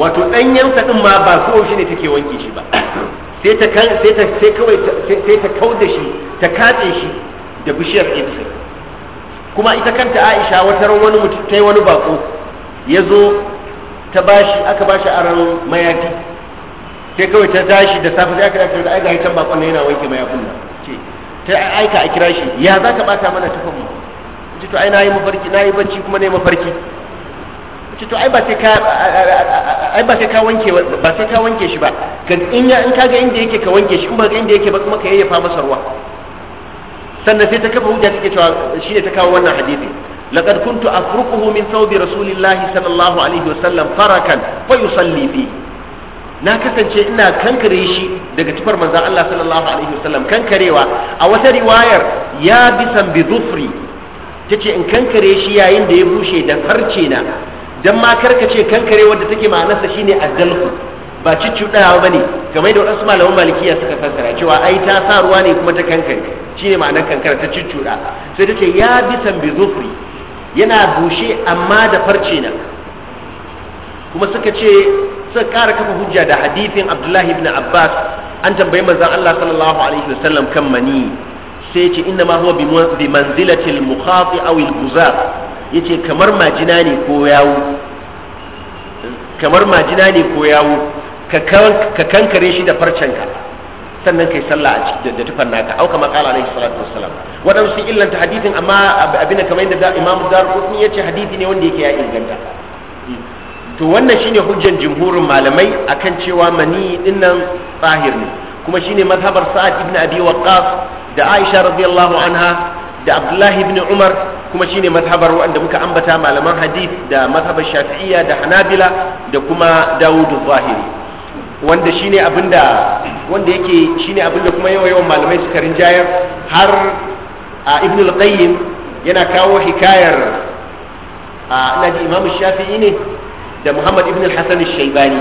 wato ɗanyen ɗin ma ba ko shi ne take wanke shi ba sai ta kawai sai ta kauda shi ta katse shi da bishiyar ibsi kuma ita kanta aisha wata ran wani mutum ta yi wani bako ya zo ta bashi aka bashi aron mayafi sai kawai ta tashi da safe sai aka dace da aika can bakon yana wanke mayafin nan ce ta aika a kira shi ya za ka bata mana tufan mu ce to ai na yi mafarki na yi bacci kuma na yi mafarki ce to ai ba sai ka ai ba sai ka wanke ba sai ka wanke shi ba in ya in kaga inda yake ka wanke shi in ga inda yake ba kuma ka yayyafa masa ruwa sannan sai ta kafa hujja take cewa shine ta kawo wannan hadisi laqad kuntu afruquhu min thawbi rasulillahi sallallahu alaihi wasallam farakan fa yusalli bi na kasance ina kankare shi daga tufar manzon Allah sallallahu alaihi wasallam kankarewa a wata riwayar ya bisan bi dhufri tace in kankare shi yayin da ya bushe da farce na dan ma karkace kankare wanda take ma'anarsa shine addalku ba cuccuɗawa ba ne game da waɗansu malaman malikiya suka fassara cewa ai ta sa ruwa ne kuma ta kankare shi ne ma'anar kankara ta cuccuɗa sai ta ce ya bi bi zufri yana bushe amma da farce na kuma suka ce suka ƙara kafa hujja da hadifin abdullahi ibn abbas an tambayi manzon allah sallallahu alaihi wasallam kan mani sai ce inna ma huwa bi manzilatil mukhati aw al buzar yace kamar majina ne ko yawo kamar majina ne ko yawo ka kankare shi da farcenka sannan kai sallah da tufan naka auka maqala alaihi salatu wassalam sun illanta hadithin amma abin da kamar yadda Imam Darqutni yace hadithi ne wanda yake ya inganta to wannan shine hujjan jumhurin malamai akan cewa mani dinnan tsahir ne kuma shine mazhabar Sa'ad ibn Abi Waqqas da Aisha radiyallahu anha da Abdullah ibn Umar kuma shine mazhabar wanda muka ambata malaman hadith da mazhabar Shafi'iyya da Hanabila da kuma Dawud zahiri wanda shine abinda wanda yake shine abinda kuma yawa yawan malamai suka rinjayar har a ibn al-qayyim yana kawo hikayar a nabi imam shafi'i ne da muhammad ibn al-hasan shaybani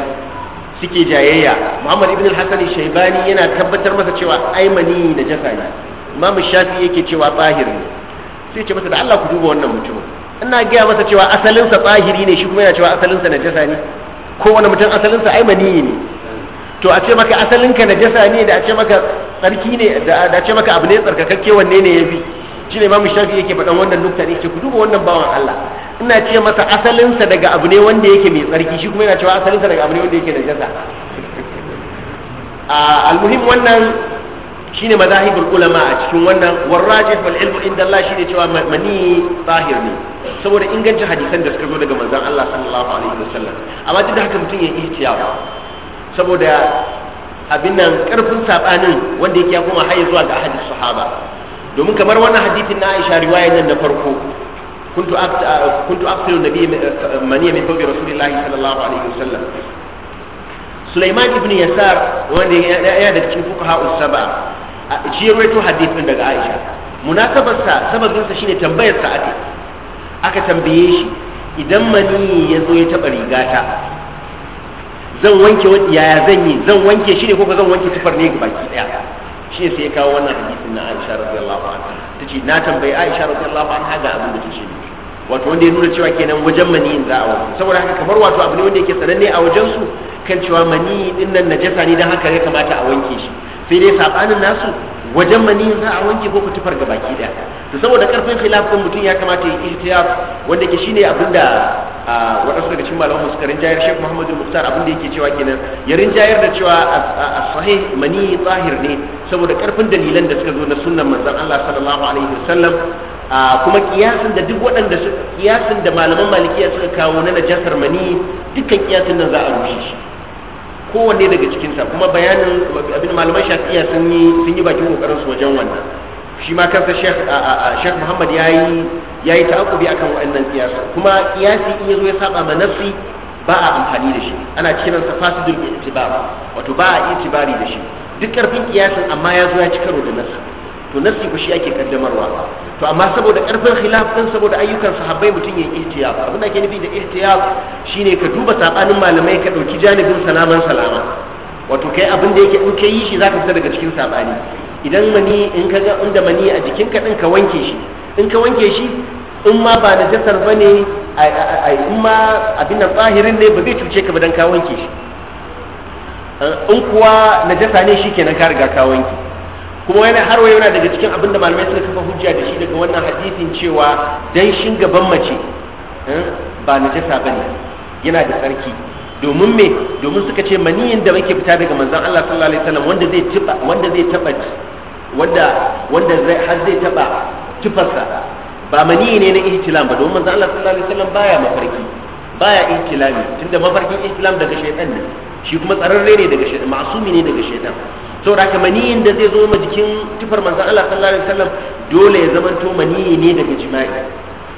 suke jayayya muhammad ibn al-hasan shaybani yana tabbatar masa cewa aimani da jasa ne imam shafi'i yake cewa bahir ne sai ce masa da Allah ku duba wannan mutum ina gaya masa cewa asalinsa bahiri ne shi kuma yana cewa asalinsa najasa ne kowane mutum asalinsa aimani ne to a ce maka asalinka najasa ne da a ce maka tsarki ne da a ce maka abu ne tsarkakakke wanne ne ya fi shi ne mamu shafi yake faɗan wannan nukta ne ce ku duba wannan bawan Allah ina ce masa asalinsa daga abu ne wanda yake mai tsarki shi kuma yana cewa asalinsa daga abu ne wanda yake najasa almuhim wannan shine mazahibul ulama a cikin wannan warrajih wal ilmu inda Allah shine cewa mani zahir ne saboda ingancin hadisan da suka zo daga manzon Allah sallallahu alaihi wasallam amma duk da haka mutun ya ihtiyawa saboda abin nan karfin sabanin wanda yake ya kuma haye zuwa ga hadis sahaba domin kamar wannan hadisin na Aisha riwayar nan na farko kuntu kuntu aqtilu nabiy maniya min tawbi rasulillahi sallallahu alaihi wasallam Sulaiman ibn Yasar wanda ya da cikin fuqaha usaba shi ya rawaito hadisin daga Aisha munasabarsa sababinsa shine tambayar sa aka tambaye shi idan mani ya zo ya taɓa rigata zan wanke wani yaya zan yi zan wanke shi ne ko zan wanke tufar ne baki daya shi ne sai ya kawo wannan hadisin na Aisha radiyallahu anha tace na tambayi Aisha radiyallahu anha ga abin da tace wato wanda ya nuna cewa kenan wajen mani in za a wanke saboda haka kamar wato abu ne wanda yake sananne a wajen su kan cewa mani din nan najasa ne dan haka ya kamata a wanke shi sai dai sabanin nasu wajen mani za a wanke ko kutufar ga baki daya to saboda karfin khilaf kan mutum ya kamata ya iltiyaf wanda ke shine abin da wadansu daga cikin malaman suka rinjayar Sheikh Muhammadu Muftar abin da yake cewa kenan ya rinjayar da cewa as-sahih mani zahir ne saboda karfin dalilan da suka zo na sunnan manzon Allah sallallahu alaihi wasallam kuma kiyasin da duk waɗanda su kiyasin da malaman malikiya suka kawo na najasar mani dukkan kiyasin nan za a rushe shi kowanne daga cikinsa kuma bayanin abin malaman shafi'iyya sun yi sun yi bakin kokarin su wajen wannan shi ma kansa shek muhammad ya yi ya yi akan waɗannan kiyasa kuma kiyasi in yazo ya saba ma nafsi ba a amfani da shi ana kiran sa fasidul itibar wato ba a itibari da shi duk karfin kiyasin amma ya zo ya ci karo da nafsi to nafsi ku shi ake kaddamarwa to amma saboda karfin khilaf din saboda ayyukan sahabbai mutum ya ihtiyaf abin da nufi da ihtiyaf shine ka duba sabanin malamai ka dauki janibin salaman salama wato kai abin da yake in kai yi shi zaka fita daga cikin sabani idan mani in ka ga inda mani a jikin ka din ka wanke shi in ka wanke shi in ma ba da jasar bane in ma abin nan zahirin ne ba zai cuce ka ba dan ka wanke shi eh, in kuwa najasa ne shikenan ka riga ka wanke kuma yana har wayo yana daga cikin abin da malamai suka kafa hujja da shi daga wannan hadisin cewa danshin gaban mace eh, ba na jasa ba ne, yana da tsarki domin me domin suka ce maniyin da muke fita daga manzon Allah sallallahu alaihi wasallam wanda zai tiba wanda zai taba wanda wanda zai har zai taba tufarsa ba maniyi ne na ihtilam ba domin manzon Allah sallallahu alaihi wasallam baya mafarki baya ihtilami tunda mafarkin ihtilam daga shaytan ne shi kuma tsararre ne daga shaytan ma'sumi ne daga shaytan saboda da maniyin da zai zo ma jikin tufar manzan Allah sallallahu alaihi wasallam dole ya to maniyi ne daga jima'i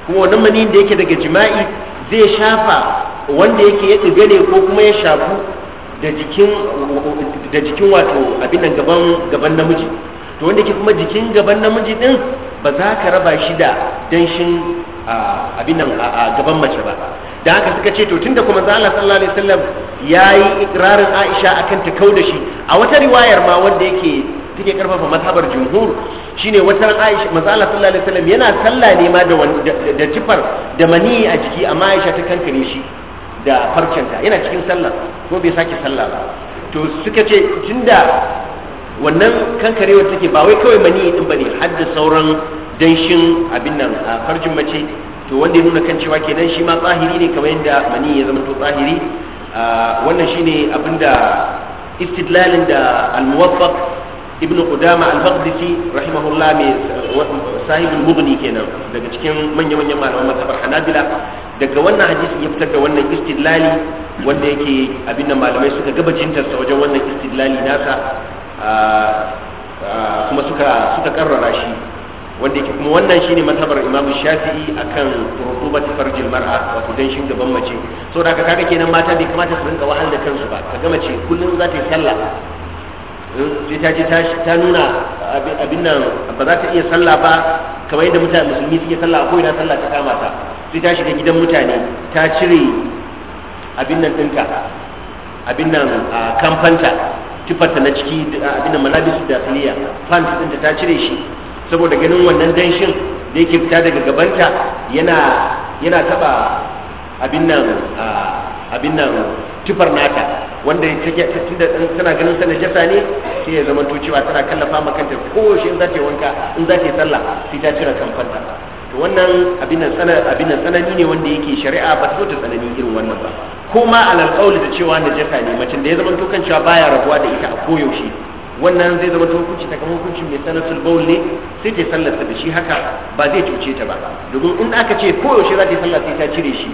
kuma wannan maniyin da yake daga jima'i zai shafa wanda yake ya tsigare ko kuma ya shafu da jikin da jikin wato abin nan gaban gaban namiji to wanda yake kuma jikin gaban namiji din ba za ka raba shi da danshin abin nan a gaban mace ba da haka suka ce to tunda kuma manzan Allah sallallahu alaihi wasallam yayi ikrarin Aisha akan ta kauda shi a wata riwayar ma wanda yake take karfafa mazhabar jumhur shine wata Aisha manzo sallallahu alaihi wasallam yana sallah ne ma da da jifar da mani a jiki amma Aisha ta kankare shi da farcenta yana cikin sallah ko bai sake sallah ba to suka ce tunda wannan kankarewar take ba wai kawai mani din bane har da sauran danshin abin nan a farjin mace to wanda ya nuna kan cewa kenan shi ma tsahiri ne kamar yadda mani ya zama to tsahiri wannan shine abinda istidlalin da al-muwaffaq ibn qudama al-baghdadi rahimahullah mai sahibul mughni kenan daga cikin manya-manyan malaman mazhabar hanabila daga wannan hadisi ya fitar da wannan istidlali wanda yake abin da malamai suka gabacinta sa wajen wannan istidlali nasa kuma suka suka karrara shi wanda yake kuma wannan shine mazhabar Imam Shafi'i akan rutubat farjil mar'a wato danshin gaban mace saboda ka kaga kenan mata bai kamata su rinka wahal da kansu ba Ka ga mace kullum za ta yi sallah hmm, sai ta ce ta nuna abin nan ba za ta iya sallah ba kamar yadda mutane musulmi suke sallah ko ina sallah ta kama ta sai ta shiga gidan mutane ta cire abin nan ɗinka abin nan kamfanta tufarta na ciki abin nan malabisu da filiya fanta ɗinta ta cire shi saboda ganin wannan danshin da yake fita daga gabanta yana yana taba abin nan abin nan tufar nata wanda take tunda tana ganin sa najasa ne sai ya zama cewa tana kallafa ma kanta ko shi in za ta wanka in za ta yi sallah sai ta cire kamfanta to wannan abin nan tsanani abin nan tsanani ne wanda yake shari'a ba ta tsanani irin wannan ba kuma alal qawli da cewa najasa ne mace da ya zama to kan cewa baya rabuwa da ita a koyaushe wannan zai zama hukunci ta kamar hukuncin mai sanatul baul ne sai ta sallata da shi haka ba zai cuce ta ba domin in aka ce ko yaushe za ta sallata sai ta cire shi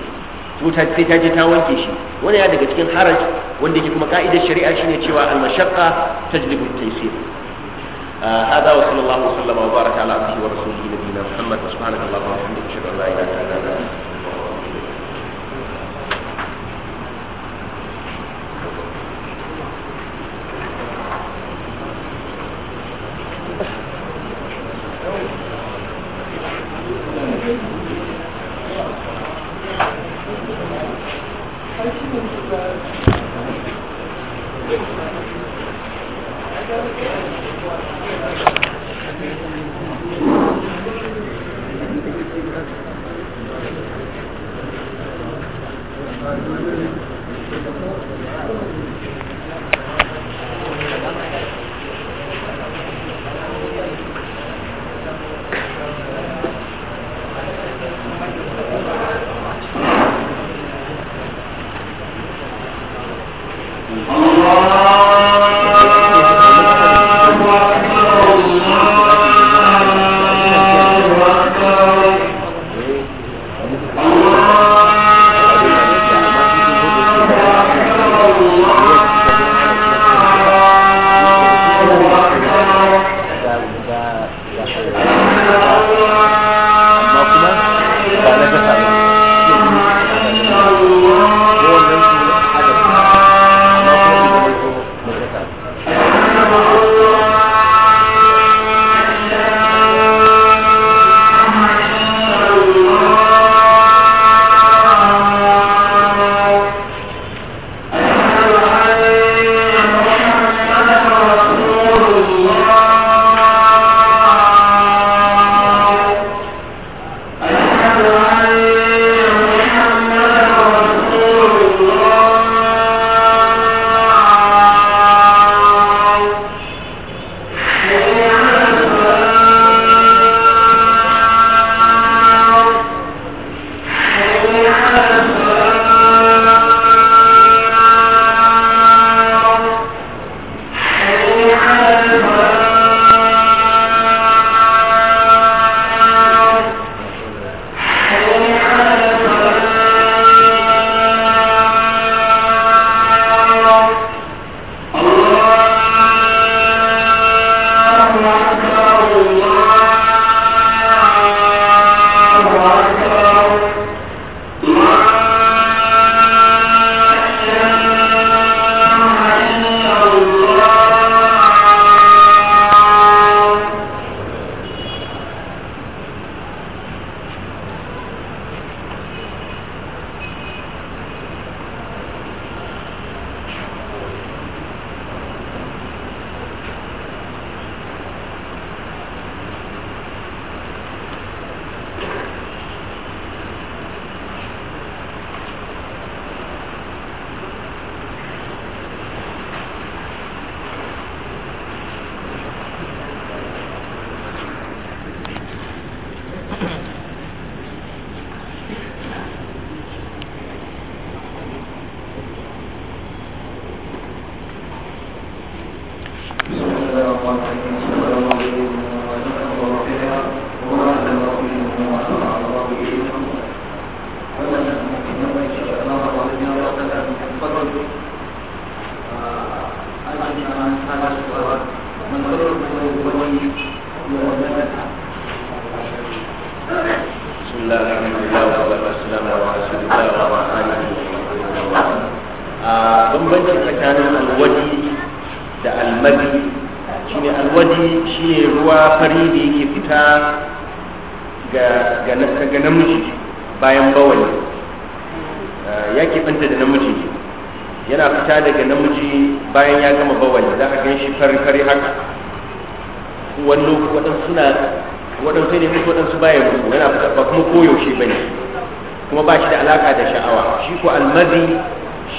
ta sai ta je ta wanke shi wannan ya daga cikin haraj wanda yake kuma ka'idar shari'a shine cewa al-mashaqqa tajlibu at-taysir hada wa sallallahu wa sallama wa baraka ala abdihi wa rasulihi nabiyina muhammad subhanallahi wa bihamdihi ashhadu an la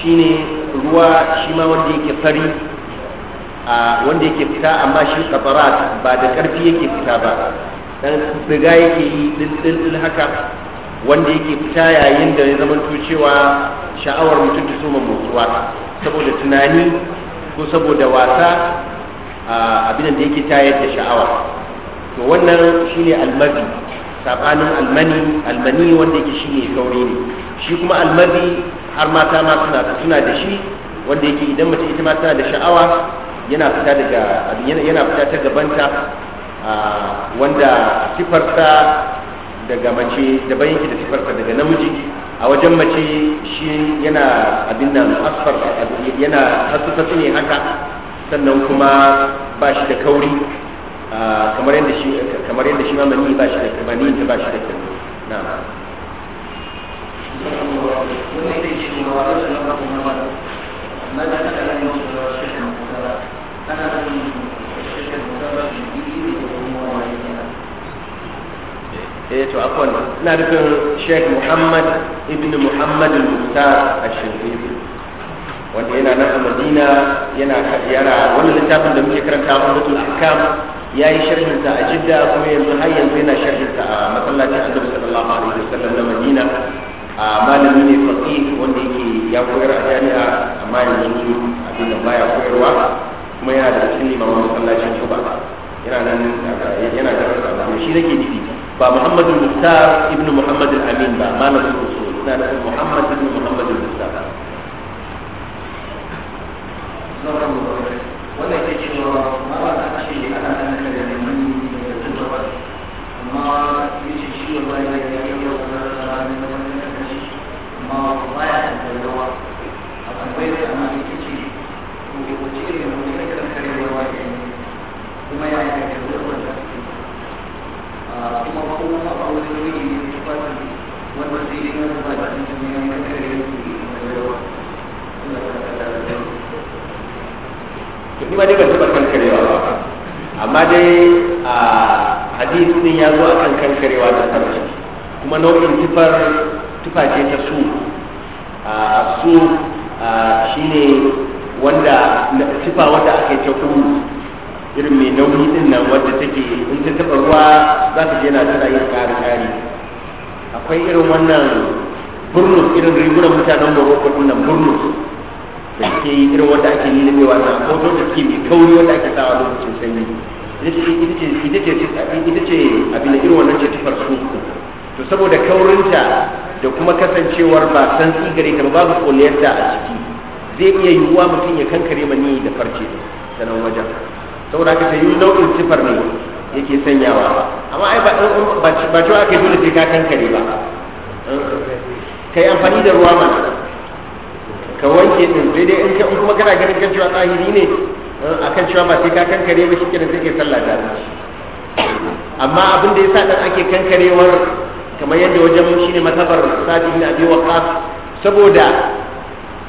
shine ruwa shi ma wanda yake fari a wanda yake fita amma shi kafarat ba da karfi yake fita ba dan riga yake yi din haka wanda yake fita yayin da ya zamanto cewa sha'awar mutum ta soma motsuwa saboda tunani ko saboda wasa a abin da yake tayar da sha'awa to wannan shine almabi sabanin almani almani wanda yake shine sauri ne shi kuma almabi har mata ma suna suna da shi wanda yake idan mace ita ma tana da sha'awa yana fita daga yana fita ta gabanta wanda sifarsa daga mace da bayanki da sifarsa daga namiji a wajen mace shi yana abin nan asfar yana hasu ne haka sannan kuma ba shi da kauri kamar yadda shi ma mani ba shi da mani ba shi da kauri na'am to akwai na nufin sheikh muhammad ibn muhammad al-mukhtar al-shirkiri wanda yana nan a madina yana yana wannan littafin da muke karanta a mutum hikam ya yi sharhinsa a jidda kuma yanzu har yanzu yana sharhinsa a masallacin annabi sallallahu alaihi wasallam na madina malami ne faƙi wanda yake ya koyar a jami'a amma yanzu abin da baya koyarwa kuma yana da cikin limamin masallacin shuba yana nan yana da rasa shi nake nufi ba muhammadu mustar ibnu muhammadu amin ba malamin usul ina da muhammad ibnu muhammadu mustar wannan ke cewa mara da ce ana nan da neman da tuntuba amma yace shi wallahi ya yi yau na ranar ba dai ba amma dai a ah, hadisi ya zo a kan kankarewa da kuma nau'in kifar tufaje ta su su shine wanda tufa wanda ake yi ta kuru irin mai nauyi din nan wanda take in ta taba ruwa za ta je na tana yin kare kare akwai irin wannan burnus irin rigunan mutanen Morocco din nan burnus da ke yi irin wanda ake yi na mai wannan hoto da ke mai kauri wanda ake sawa lokacin sanyi ita ce abin da irin wannan ce tufar su to saboda kaurinta da kuma kasancewar ba san tsigare ta babu kuliyarta a ciki zai iya yiwuwa mutum ya kankare mani da farce ta nan wajen saboda haka sai nau'in sifar ne yake sanyawa amma ai ba ba cewa aka dole sai ka kankare ba kai amfani da ruwa ma ka wanke din sai dai in kuma kana ganin kan cewa tsahiri ne eh, akan cewa ba sai ka kankare ba shi kenan sai kai sallah da amma abin da yasa dan ake kankarewar kamar yadda wajen shi ne matabar sadi na abi waqas saboda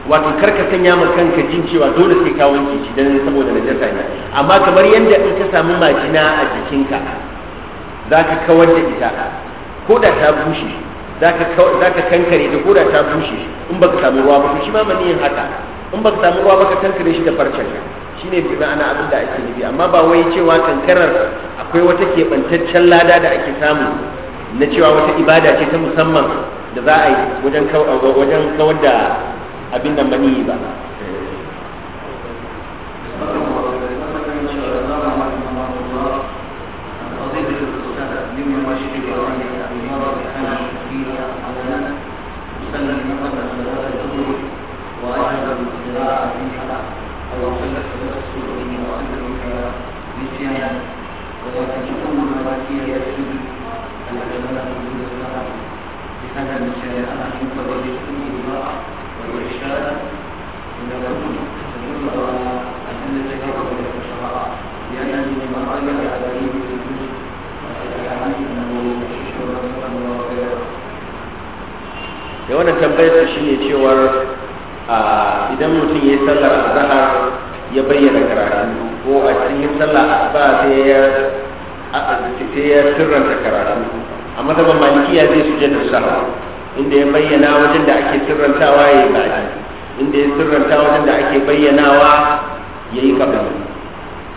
wato karka sanya ma kanka jin cewa dole sai ka wanke shi dan saboda jasa ne amma kamar yadda in ka samu majina a jikinka zaka kawar da ita ko da ta bushe zaka zaka kankare ta ko da ta bushe in baka samu ruwa ba to shi ma maniyin haka in baka samu ruwa ba ka kankare shi da farcen ka shine bi ma'ana abin da ake nufi amma ba wai cewa kankarar akwai wata keɓantaccen lada da ake samu na cewa wata ibada ce ta musamman da za a yi wajen kawar da abin da mani ba Thank you. وجمال وجود المرأة بأن المشايعة من قبل أم المرأة والإشارة على أن الذكر ولا الشرع لأن المرأة لا تعلم بالجنس وتعلم أنه يشعر رسول الله وغيره da wannan tambayar ta shine cewar idan mutum ya sallar azhar ya bayyana karatu ko a cikin sallar asuba sai ya a sai ya sirranta karatu amma da malikiya zai suje da sarwa inda ya bayyana wajen da ake sirrantawa ya yi baki inda ya sirranta wajen da ake bayyanawa ya yi kafa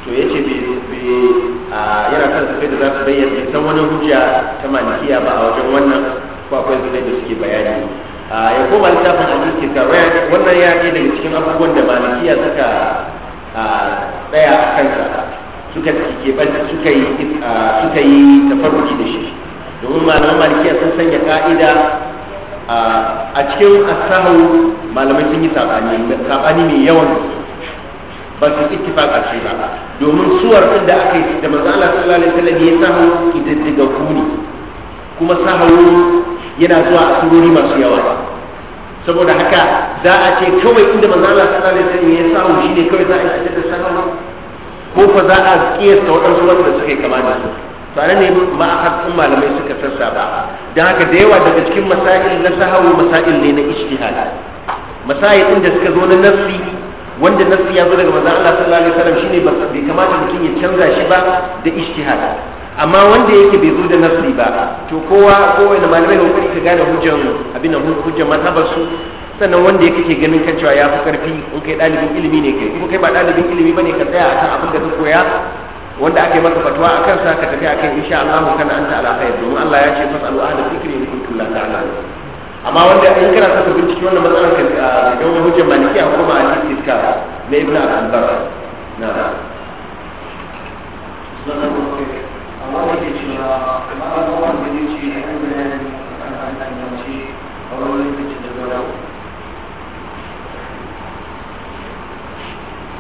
to ya ce yana kan safai da za su bayyana san wani hujja ta malikiya ba a wajen wannan ko akwai zunai da suke bayani ya koma littafin hadisi ka wannan ya ke daga cikin abubuwan da malikiya suka tsaya a kansa suka keɓanta suka yi suka yi tafarruki da shi domin malaman malikiya sun sanya ka'ida a cikin asahu malamai sun yi sabani mai yawan ba su ittifaq a ce ba domin suwar din da aka yi da manzo Allah sallallahu alaihi wasallam ya sahu daga kuni kuma sahu yana zuwa a surori masu yawa saboda haka za a ce kawai inda manzo Allah sallallahu alaihi wasallam ya sahu shine kawai za a yi da sahu ko fa za a kiyasta waɗansu wanda suka yi kama da su tare ne ma'akar malamai suka sassa ba don haka da yawa daga cikin masail na sahau masail ne na ijtihad masail din da suka zo na nafsi wanda nafsi ya zo daga manzon Allah sallallahu alaihi wasallam shine bai kamata mutum ya canza shi ba da ijtihad amma wanda yake bai zo da nafsi ba to kowa wani malamai hukuri ka gane hujjan abin hujjan mazhabar su sannan wanda ya kake ganin kan cewa ya fi karfi in kai ɗalibin ilimi ne kai kuma kai ba ɗalibin ilimi ba ne ka tsaya a kan abin da ka koya wanda ake masa fatuwa a kansa ka tafi a akan insha Allah kana ta alaƙa khair mu Allah ya ce fasalu ahla dhikri in kuntum la ta'ala amma wanda in kana saka bincike wannan matsalar kan ga wani hujjar maliki a kuma a cikin iska na ibnu al bar na amma wanda ce amma wanda ce ne an da an da a wani lokacin da zo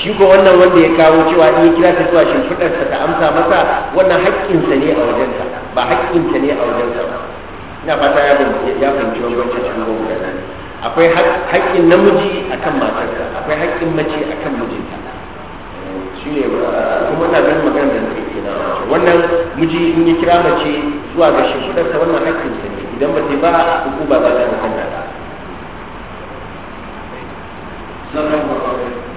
shi ko wannan wanda ya kawo cewa in ya kira ta zuwa shimfiɗarsa ta amsa masa wannan haƙƙinsa ne a wajensa ba haƙƙinsa ne a wajensa ba ina fata ya ya fahimci cikin hango da nan akwai haƙƙin namiji kan matarsa akwai haƙƙin mace a kan mijinta shi ne uh, kuma ina ganin magana da nake kenan wannan miji in ya kira mace zuwa ga shimfiɗarsa wannan haƙƙinsa ne idan ba ta ba hukuma ba za ta kanta ba.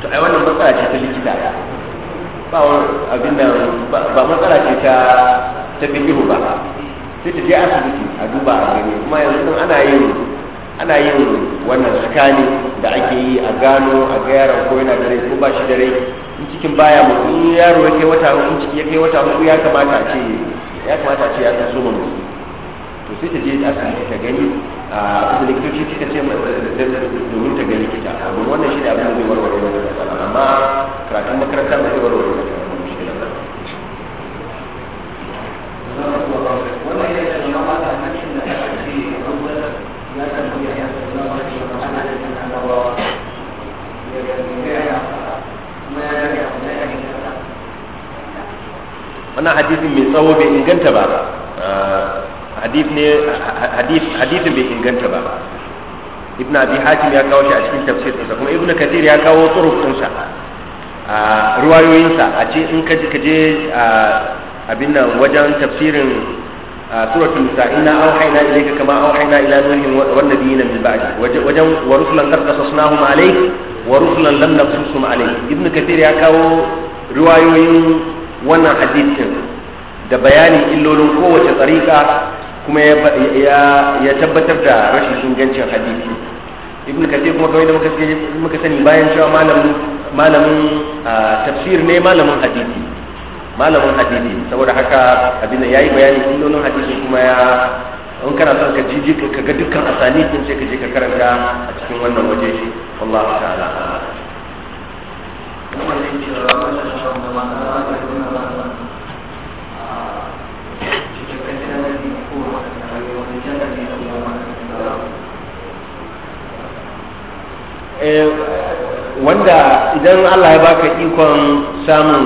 to ai wannan matsala ce ta likita ba wa abin da ba matsala ce ta ta fikihu ba sai ta je asibiti a duba a gani kuma yanzu ana yin ana yin wannan sakani da ake yi a gano a ga yaron ko yana da rai ko ba shi da rai in cikin baya mu in yaro ya kai wata uku ya kai wata uku ya kamata a ce ya kamata a ce ya taso mu to sai ta je da aka ta gani a abin likitoci suka ce domin ta ga likita domin wannan shi ne abin da zai warware mata matsala amma karatun makaranta ba zai warware mata wannan hadisin mai tsawo bai inganta ba hadisin bai inganta ba ibn abi hatim ya kawo shi a cikin tafsir sa kuma ibn kathir ya kawo turukun sa a ruwayoyin a ce in ka je abin nan wajen tafsirin suratul an inna ila ka kama an auhayna ila nuhin wan nabiyina min ba'di wajen wa rusulan qad huma alayk wa rusulan lam naqsusum alayk ibn kathir ya kawo ruwayoyin wannan hadisin da bayanin illolin kowace tsarika kuma ya tabbatar da rashin ingancin hadisi ibn kathir kuma kawai da muka sani bayan cewa malamin malamin ah, tafsir ne malamin hadisi malamin hadisi saboda haka abin yayi bayani illolin hadisi kuma ya in kana son ka jiji ka ga dukkan asali din sai ka je ka karanta a cikin wannan waje shi wallahi ta'ala Eh, wanda idan Allah ya baka ikon samun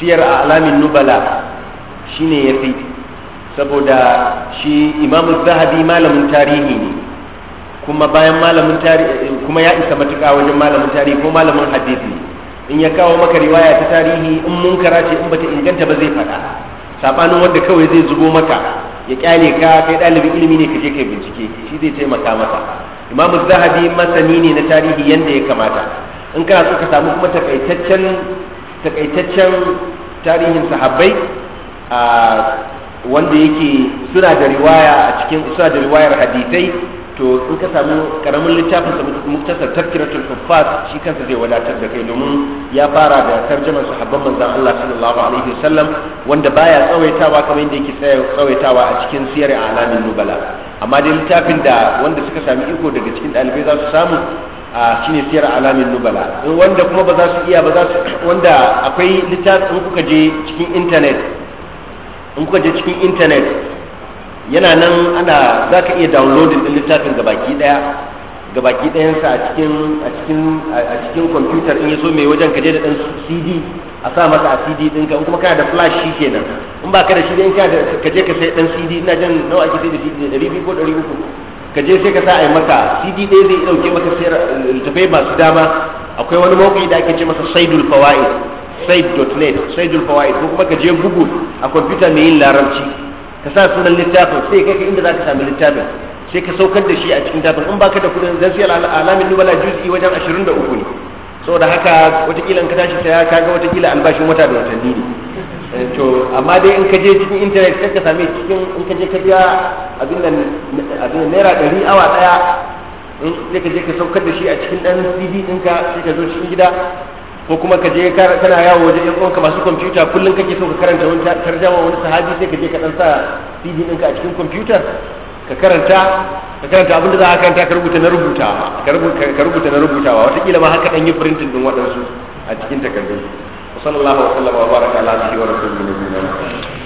siyar a alamin nubala shine ya fi saboda shi imamu zahabi malamin tarihi ne kuma bayan malamin tarihi kuma ya isa matuka wajen malamin tarihi ko malamin hadisi in ya kawo maka riwaya ta tarihi in munkara ce in bata inganta ba zai faɗa saɓanin wanda kawai zai zubo maka ya kyale ka kai ɗalibin ilimi ne ka je kai bincike shi zai taimaka masa imamu zahabi masani ne na tarihi yanda ya kamata in kana so ka samu kuma takaitaccen takaitaccen tarihin sahabbai a ah, wanda yake suna da riwaya a cikin suna da riwayar hadisai to in ka samu karamin littafin sa muktasar tafkiratul kuffat shi kansa zai wadatar da kai domin ya fara da tarjumar sahabban manzon Allah sallallahu alaihi wasallam wanda baya tsawaitawa kamar yadda yake tsawaitawa a cikin siyar alamin nubala amma dai littafin da wanda suka sami iko daga cikin dalibai za su samu a shine siyar alamin nubala wanda kuma ba za su iya ba za su wanda akwai littafin kuka je cikin internet in kuka je cikin internet yana nan ana za ka iya downloading ɗin littafin gabaki ɗaya gabaki ɗayansa a cikin a cikin a cikin computer in ya so mai wajen ka je da ɗan cd a sa masa a cd ɗin ka kuma kana da flash shi kenan in ba ka da shi ɗin ka je ka sai ɗan cd ina jan nawa ake sai da cd ɗari biyu ko ɗari uku ka je sai ka sa a yi maka cd ɗaya zai ɗauke maka sai eh, littafai masu dama akwai wani mawuƙi da ake ce masa saidul fawaid saidul fawaid ko kuma ka je google a computer mai yin larabci ka sa sunan littafin sai kai ka inda zaka samu littafin sai ka saukar da shi a cikin tafin in baka da kudin zan sai alamin nubala juz'i wajen 23 ne saboda haka watakila in ka tashi saya ka ga watakila albashin wata da watanni ne eh, to amma dai in ka je cikin internet sai ka same cikin in ka je ka biya abin nan abin naira ɗari awa ɗaya in sai ka je ka saukar da shi a cikin ɗan CD ɗinka sai ka zo cikin gida ko kuma ka je kana yawo waje ɗan uwanka masu kwamfuta kullum kake so ka karanta wani tarjama wani sahabi sai ka je ka dan sa CD ɗinka a cikin kwamfutar ka karanta ka karanta abin da za a karanta ka rubuta na rubutawa ka rubuta na rubutawa wataƙila ma haka ɗan yi printing ɗin waɗansu a cikin takardun sallallahu alaihi wa sallam wa baraka ala alihi wa rasulihi nabiyina